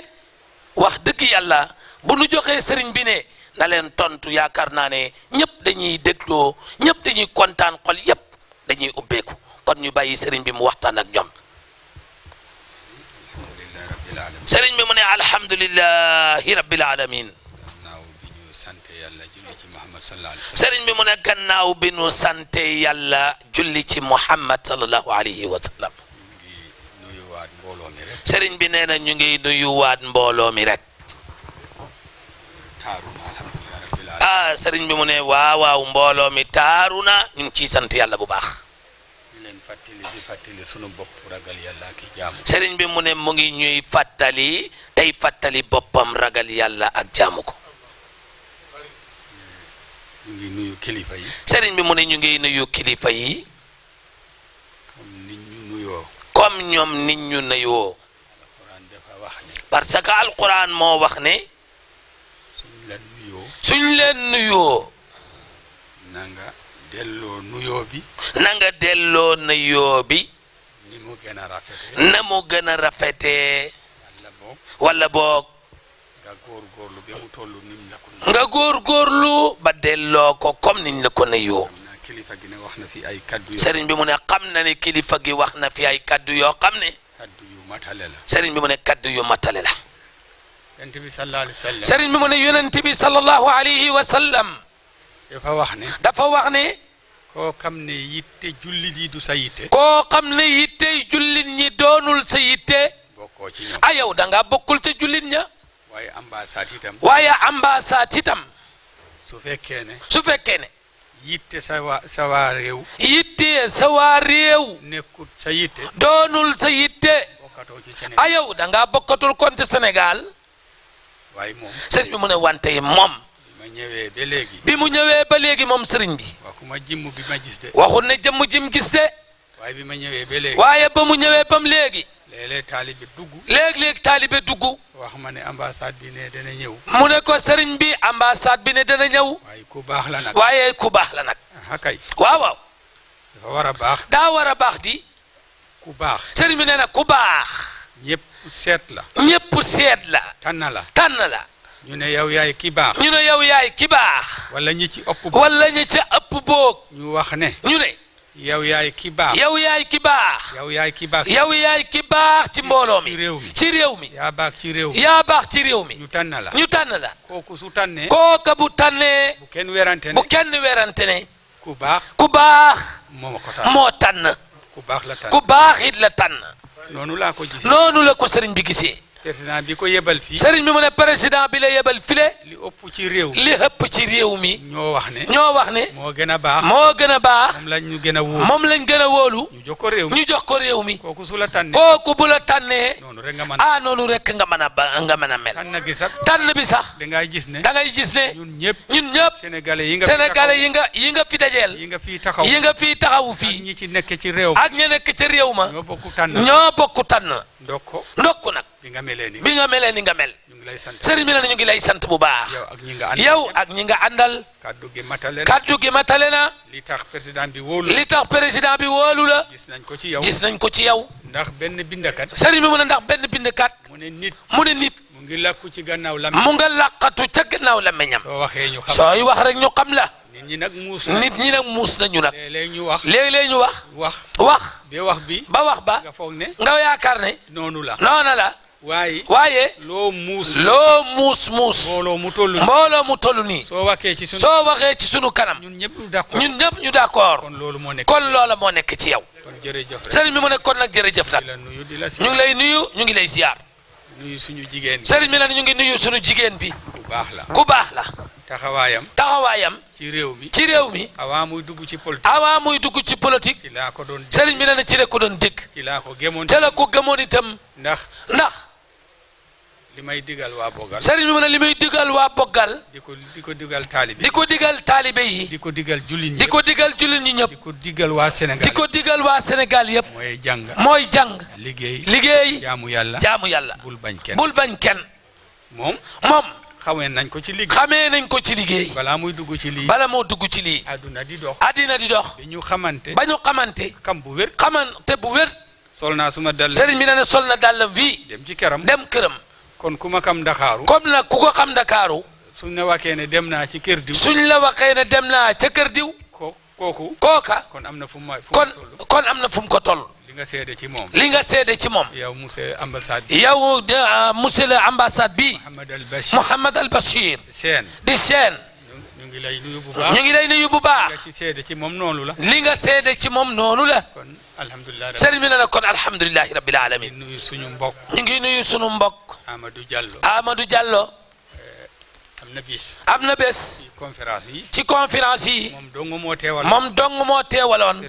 wax dëgg yàlla bu nu joxee sëriñ bi ne na leen tontu yaakaar naa ne ñëpp dañuy dégloo ñëpp dañuy kontaan xol yëpp dañuy ubbeeku kon ñu bàyyi sëriñ bi mu waxtaan ak jom sëriñ bi mu ne alhamdulilahi rabbil alamin sëriñ bi mu ne gannaaw bi nu sante yàlla julli ci muhammad sallallahu alayhi wa sallam sëriñ bi nee na ñu ngi nuyuwaat mbooloo mi rek ah, sëriñ bi mu ne waaw mbooloo mi taaru na ñu ngi ciy sant yàlla bu baax sëriñ bi mu ne mu ngi ñuy fàttali fàttali boppam ragal yàlla ak jaamu ko ñu kilifa yi. sëriñ bi mu ne ñu ngi nuyu kilifa yi. comme nit ñu nuyoo. comme ñoom nit ñu nuyoo. parce que alquran moo wax ne. suñ suñ leen nuyoo. na nga bi. na delloo nuyoo bi. mu gën a rafetee. na mu gën a rafetee. wala boog. wala nga góor góorgóorlu ba delloo ko comme niñ la ko nuyoo sëriñ bi mu ne xam na ne kilifa gi wax na fi ay kaddu yoo xam ne sëriñ bi mu ne kaddu yu matale la sëriñ bi mu ne yonent bi sallallahu alayhi wa sallam dafa wax ne dafa wax ne koo xam ne yitte julli yi du sa yitte koo xam ne yitte jullit ñi doonul sa yitte bokkoo ci a ah, yow da bokkul ca jullit ña waaye ambassade itam. waaye ambassade itam. su fekkee ne. su fekkee ne. yitte sa waa sa waa réew. yitte sa waa réew. nekkul sa yitte. doonul sa yitte. bokkatoo ci Sénégal ayaw ah, da ngaa bokkatul kon ci Sénégal. waaye moom sëriñ bi mu ne wante moom. bi mu ñëwee ba léegi. bi mu ñëwee ba léegi moom sëriñ bi. waxuma jëmm bi ma gis de. waxul ne jëmm jim gis de. waaye bi ma ñëwee ba léegi. waaye ba mu ñëwee bam léegi. léeg-léeg taalibe dugg. léeg-léeg taalibe dugg. wax ma ne ambassade bi ne dana ñëw. mu ne ko sëriñ bi ambassade bi ne dana ñëw. waaye ku baax la nag. waaye ku baax la nag. kay waaw waaw. dafa war a baax. daa war a baax di. ku baax. sëriñ bi ne nag ku baax. ñëpp seet la. ñëpp seet la. tànn la tànn la. ñu ne yow yaay ki baax. ñu ne yow yaay ki baax. wala ñi ci ëpp boog. ñu wax ne. ñu ne. yow yaay ki baax yow yaay ki baax. yow yaay ki baax yow yaay ki ci mbooloo mi ci réew mi ci réew mi. yaa baax ci réew mi yaa baax ci réew mi. ñu tànn la ñu tànn la. kooku su tànne kooka bu tànnee. bu kenn weerante ne bu kenn weerante ne. ku baax ku baax. moo ko tànn tànn. ku baax la tànn ku baax it la tànn. noonu laa ko gisee noonu la ko sëriñ bi gisee. président bi ko yebal fii. sëriñ bi mu ne président bi la yebal file. li ëpp ci réew li ëpp ci réew mi. ñoo wax ne ñoo wax ne. moo gën a baax moo gën a baax. moom lañ ñu gën a wóolu moom lañ gën a wóolu. ñu jox ko réew mi jox ko réew mi. kooku su la tànnee kooku bu la tànnee. noonu rek nga mën a ah noonu rek nga mën a ba nga mën a mel. tànn bi sax tànn bi sax. da ngay gis ne da ngay gis ne. ñun ñëpp ñun ñëpp. sénégalais yi nga fi sénégalais yi nga yi nga fi dajeel. yi nga fi taxaw yi nga fi taxawu fii. ak ñi ci nekk ci réew ma ñoo bokku tànn ndokk nag bi nga melee ni nga mel. sëriñ bi ne ñu ngi lay sant bu baax. yow ak ñi nga àndal. kaddu gi matale na kaddu gi matale na. li tax président bi wóolu. li tax président bi wóolu la. gis nañ ko ci yow gis nañ ko ci yow. ndax benn bindkat. sëriñ bi mu ne ndax benn bindkat. mu ne nit mu ne nit. mu ngi làkku ci gannaaw làmmiñam mu nga làkkatu ca gannaaw làmmiñam. soo waxee ñu xam sooy wax rek ñu xam la. nit ñi nag muus nit ñi nag muus nañu nag. léeg-léeg ñu wax léeg-léeg ñu wax. wax wax. bi wax bi. ba wax ba. nga foog ne nga yaakaar ne. noonu la noonu la. waaye loo muus loo muus muus mbooloo mu toll nii soo waxee ci sunu kanam ñun ñëpp ñu d'accord kon loola moo nekk ci yow sëriñ mi mu ne kon nag jërëjëf nag ñu ngi lay nuyu ñu ngi lay ziar sëriñ bi nag ñu ngi nuyu sunu jigéen bi ku baax la taxawaayam taxawaayam ci réew mi ci réew mi avant muy dugg ci politique avant muy dugg ci politique sëriñ bi nee na ci la ko doon dégg ci la ko gëmoon itam ndax ndax li may digal waa Bogal. sëriñ bi li may digal waa Bogal. di ko di ko digal taalibe yi. di ko digal taalibe yi. di ko digal jullit ñi di ko digal jullit ñi ñëpp. di ko waa Sénégal di ko digal waa Sénégal yëpp. mooy jàng mooy jàng. liggéey liggéey. jaamu yàlla jaamu yàlla. bul bañ kenn bul bañ kenn. moom moom. xamee nañ ko ci liggéey xamee nañ ko ci liggéey. balaa muy dugg ci lii bala moo dugg ci lii. adduna di dox adduna di dox. ba ñu xamante ba ñu xamante. xam bu wér xamante bu wér. sol naa suma dàll. sëriñ bi na sol na dàllam bii. dem ci këram dem këram. kon ku ma xam Ndakaaru. comme nag ku ko xam Ndakaaru. suñ la waxee ne dem naa ci kër diw. suñ la waxee ne dem naa ca kër diw. ko kooku. kooka kon am na fu mu kon kon am na fu mu ko toll. li nga seede ci moom. li nga seede ci moom. yow monsieur ambassade bi. yow euh, monsieur le ambassade bi. Mouhamad Al Bachir Mouhamad Al Bachir. seen di seen. ñu ngi lay nuyu bu ngi lay nuyu bu seede ci moom noonu la. li nga seede ci moom noonu la. kon alhamdulilah. sëriñ bi ne kon alhamdulilah rabbil alamin. ñu ngi nuyu suñu mbokk. ñu ngi nuyu suñu mbokk. Amadou Diallo. Amadou Diallo. Eh, am na bés. am na bés. ci conférence yi. ci conférence yi. moom dong moo teewaloon. moom dong moo teewaloon.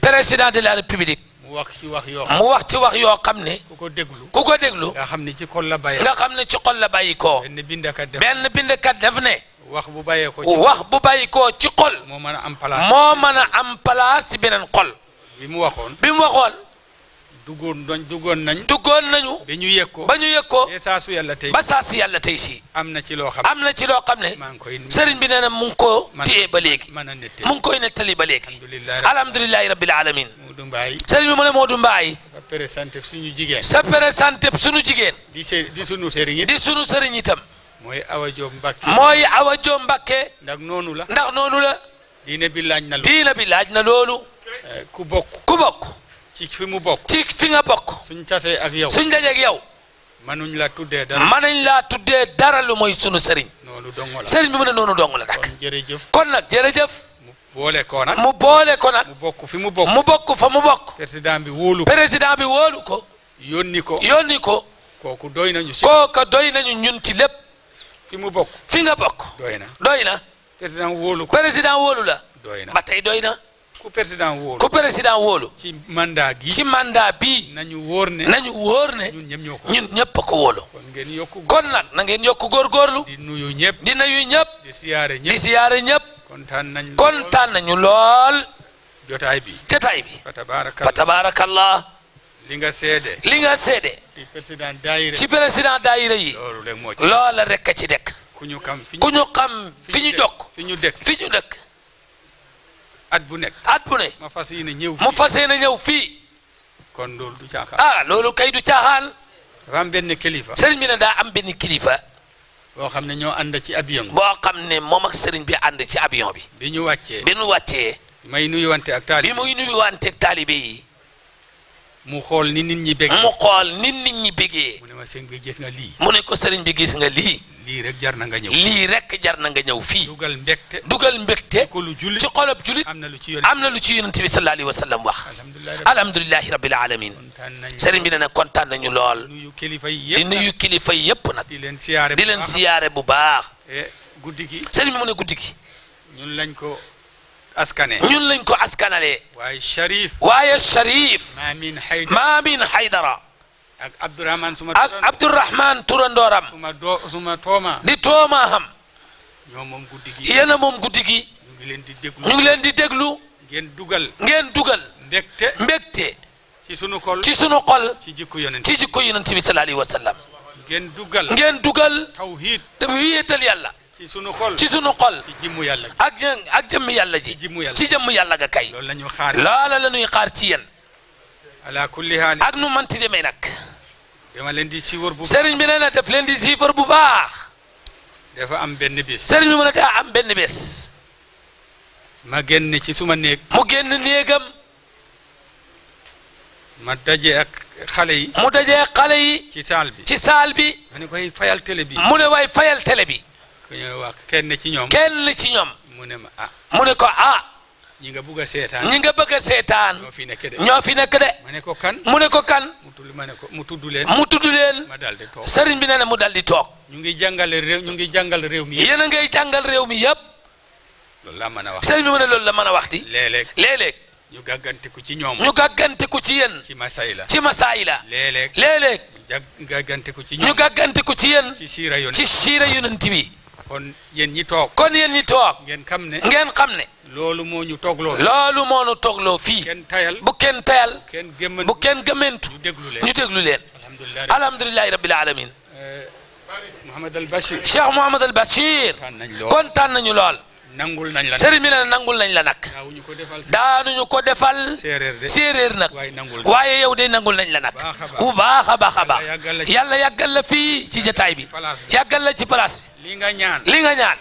président de la république. président de mu wax ci wax yoo. mu wax yoo xam ne. ku ko déglu ku ko déglu. nga xam ne ci xol la bay nga xam ci la bàyyi koo. benn bindkat def benn def ne. wax bu bàyyee ko ci wax ko ci xol. moo mën a am place moo mën duggoon nañ duggoon nañ. duggoon nañu. ba ñu yëg ko ba ñu yëg ko. ba saa tey. ba yàlla tey si. am na ci loo xam ne am na ci loo xam ne. maa ngi koy sëriñ bi nee na mu ngi koo. téye ba léegi mu ngi koy nettali ba léegi. alhamdulilah rabbil alamin. Modou Mbaye. sëriñ bi mu ne Modou ay sa présenté suñu jigéen. sa présenté suñu jigéen. di se di sunu sëriñ. di sunu sëriñ itam. mooy Awa Diop Mbakke. mooy Awa Diop Mbakke. ndax noonu la. ndax noonu la. diina bi laaj na loolu. diina bi laaj na loolu. Eh, ku bokk ku bokk ci fi mu bokk. ci fi nga bokk. suñ tasee ak yow suñ dajee ak yow. manuñ laa tuddee dara manuñ laa tuddee dara lu moy sunu sëriñ. noonu dong la sëriñ bi mu ne noonu dong la nag. kon jërëjëf kon nag jërëjëf. boole nag mu boole ko nag. mu bokk fi mu bok mu bokk fa mu bokk. président bi wóolu ko président bi wóolu ko. yónni ko yónni ko. kooku doy nañu si. kooka doy nañu ñun ci lépp. fi mu bokk fi nga bokk. doy na na. président wóolu président wóolu la. doy na ba tey doy na. ku président wóolu ku président wóolu. ci mandaa gi ci mandat bi nañu wóor ne nañu wóor ne ñun ñëpp a ko wóolu. kon nag na ngeen yokk góorgóorlu. di nuyu ñëpp di nuyu ñëpp. di siyaare ñëpp di ñëpp. kontaan nañu lool kontaan nañu lool. jotaay bi jotaay bi. fa tabaarakallah li nga seede. li nga seede. ci président daayira ci président daayira yi. loola rekk a ci dekk. ku ñu xam fi ñu dekk fi ñu dëkk. at bu nekk at bu ne. ma fas yéene ñëw fii mu fas yéene ñëw fii. kon loolu du caaxaan. ah loolu kay du caaxaan. dafa am benn kilifa. sëriñ bi daa am benn kilifa. boo xam ne ñoo ànd ci avion bi. boo xam ne moom ak sëriñ bi ànd ci avion bi. bi ñu wàccee bi ñu wàccee. may nuyuwante ak taalibe bi muy nuyuwante ak taalibe yi. mu xool ni nit ñi bégee mu xool nit ñi bégee. mu ne ma sëriñ bi mu ne ko sëriñ bi gis nga lii. li rek jar na nga ñëw lii rek jar na nga ñëw fii. dugal mbekté dugal mbégte. ci xolop julit ci xolub jullit. am lu ci yonent am lu ci yonent bi sallallahu alayhi wa sallam wax. alhamdullilah rabbil alamin sëriñ bi ne nag nañu lool. di nuyu kilifa yi yëpp nag di nuyu kilifa yi yëpp di leen siyaare bu baax di leen siyaare bu baax. guddi sëriñ bi mo ne guddigi ñun lañ ko. askane ñun lañ ko askanalé waye Sharif. waye Sharif. Maamin Haydara Maamin Haydara. ak Abdourahmane suma ak Abdourahmane turandooram. suma doo suma tooma. di tooma xam. ñoo moom guddi gi yéen moom guddi gi. ñu ngi leen di déglu ñu ngi leen di déglu. ngeen dugal. ngeen dugal. mbégte ci sunu xol ci sunu xol. ci jikko yonent ci jikko yonent bi sallallahu alayhi wa sallam. ngeen dugal ngeen dugal. tawhiid te wéetal yàlla. ci sunu xol ci sunu xol. ci yàlla ji ak jë yàlla ji. ci jëmmu yàlla ga kay. loolu la ñuy xaar loola la ñuy xaar ci yéen. nu manti demee nag. ma leen di ci wër bu seriñ bi nee na def leen di ci bu baax. dafa am benn bis sëriñ bi mu ne daa am benn bés. ma génn ci suma néeg. mu génn néegam. ma daje ak xale yi. mu daje ak xale yi. ci saal bi ci saal bi. mu ne koy fayal télé bi. mu ne waay fayal télé bi. ku ñu kenn ci ñoom. kenn ci ñoom. mu ne ma ah. mu ne ko ah. ñi nga bëgg seetaan ñi nga bëgg a seetaan ñoo fi nekk de ñoo fi nekk de ne ko kan mu ne ko kan mu tudd ma ne ko mu tudd leen mu tudd leen ma daldi toog sëriñ bi nee na mu daldi toog ñu ngi jàngale réew ñu ngi jàngal réew mi yéen a ngay jàngal réew mi yëpp loolu mën a wax sëriñ bi ne loolu la mën a wax di léeg-léeg ñu gàgganteku ci ñoom ñu gàgganteku ci yéen ci masaayila ci masaayila léeg-léeg léeg-léeg ñu gàgganteku ci ñoom ñu gàgganteku ci yéen ci siira yonent bi kon yéen ñi toog. kon yéen ñi toog. ngeen xam ne. ngeen xam ne. loolu moo ñu toogloo. loolu moo ñu toogloo fii. bu kenn tayal bu kenn tayal. bu kenn gëmmentu ñu déglu leen ñu déglu leen. alhamdulilah rabbil alamin. Euh, Cheikh Mouhamad al Bachir. kontaan nañu lool. nangul nañ la sëriñ bi ne nangul nañ la nag daanuñu ko defal séeréer nag waaye yow de nangul nañ la nag bu baax a baax a baax yàlla yàggal la fii ci jataay bi yàggal la ci palaas bi li nga ñaan li nga ñaan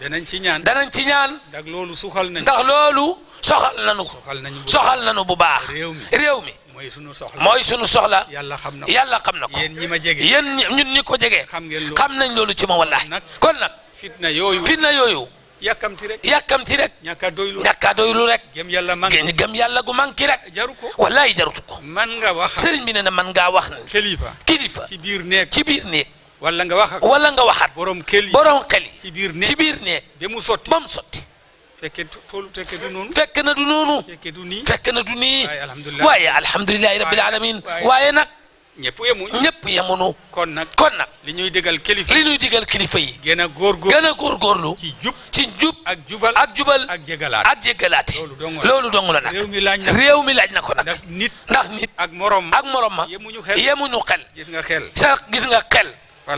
danañ ci ñaan danañ ci ñaan ndax loolu soxal nañ ndax loolu soxal nañu ko soxal bu baax réew mi mooy sunu soxla mooy sunu soxla yàlla xam na yàlla xam na ko yéen ñi ma jege yéen ñun ñi ko jege xam nañ loolu ci ma wallaahi kon nag fitna yooyu fitna yooyu yàkkamti rek yàkkamti rek ñàkka doylu ñàkka doylu rek gëm yàlla man gëm yàlla gu manki rek jaru ko wallahi jarutu ko man nga wax sëriñ bi ne na man ngaa wax kilifa kilifa ci biir néeg ci biir néeg wala nga wax wala nga waxat borom xel borom xel yi ci biir néeg ci biir néeg ba mu sotti ba mu sotti fekke toolu fekke du noonu fekk na du noonu fekk na du nii waaye alhamdulilahi rabbil alamin waaye nag ñëpp yemuñ ñëpp yemuñu. kon nag kon nag. li ñuy digal kilifa li ñuy digal kilifa yi. gën a góorgóorlu gën a góorgóorlu. ci jub ci jub. ak jubal ak jubal ak jégalaate ak jégalaate. loolu dong la nag réew mi laaj na ko réew mi laaj na ko nit ndax nit. ak morom ak morom ma yemuñu xel yemuñu xel. gis nga xel sa gis nga xel. fa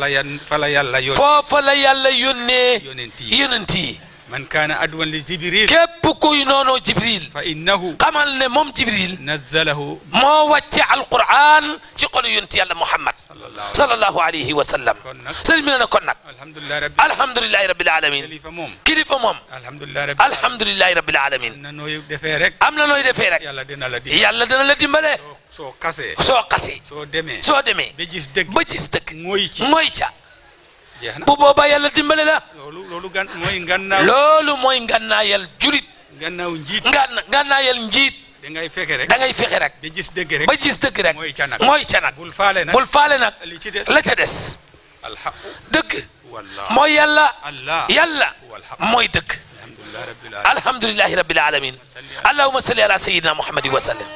fala yàlla yónnee foofa la yàlla yónnee yónent yi. من كان عدوا لجبريل كيف كوينونو جبريل فانه كما لموم جبريل نزله ما وجع القران تقول ينتي الله محمد صلى الله عليه وسلم سلمنا كنك الحمد لله رب الحمد لله رب العالمين كيف موم الحمد لله رب الحمد لله رب العالمين نوي دفي نوي دفي رك دينا لا دي سو كاسي سو كاسي سو ديمي سو ديمي بيجيس دك بيجيس دك bu boobaa yàlla dimbale la. loolu gan mooy ngannaaw loolu mooy ngannaayal julit. ngannaaw njiit nganna ngannaayal njiit. da ngay fexe rek da ngay fexe rek. ba gis dëgg rek ba gis dëgg rek. mooy canag mooy canag. bul faale nag bul faale nag li ci des la ca des. dëgg. mooy yàlla. yàlla mooy dëgg. alhamdulilahi rabbil alamin allahumma salli ala sayyidina muhammadin wa sallam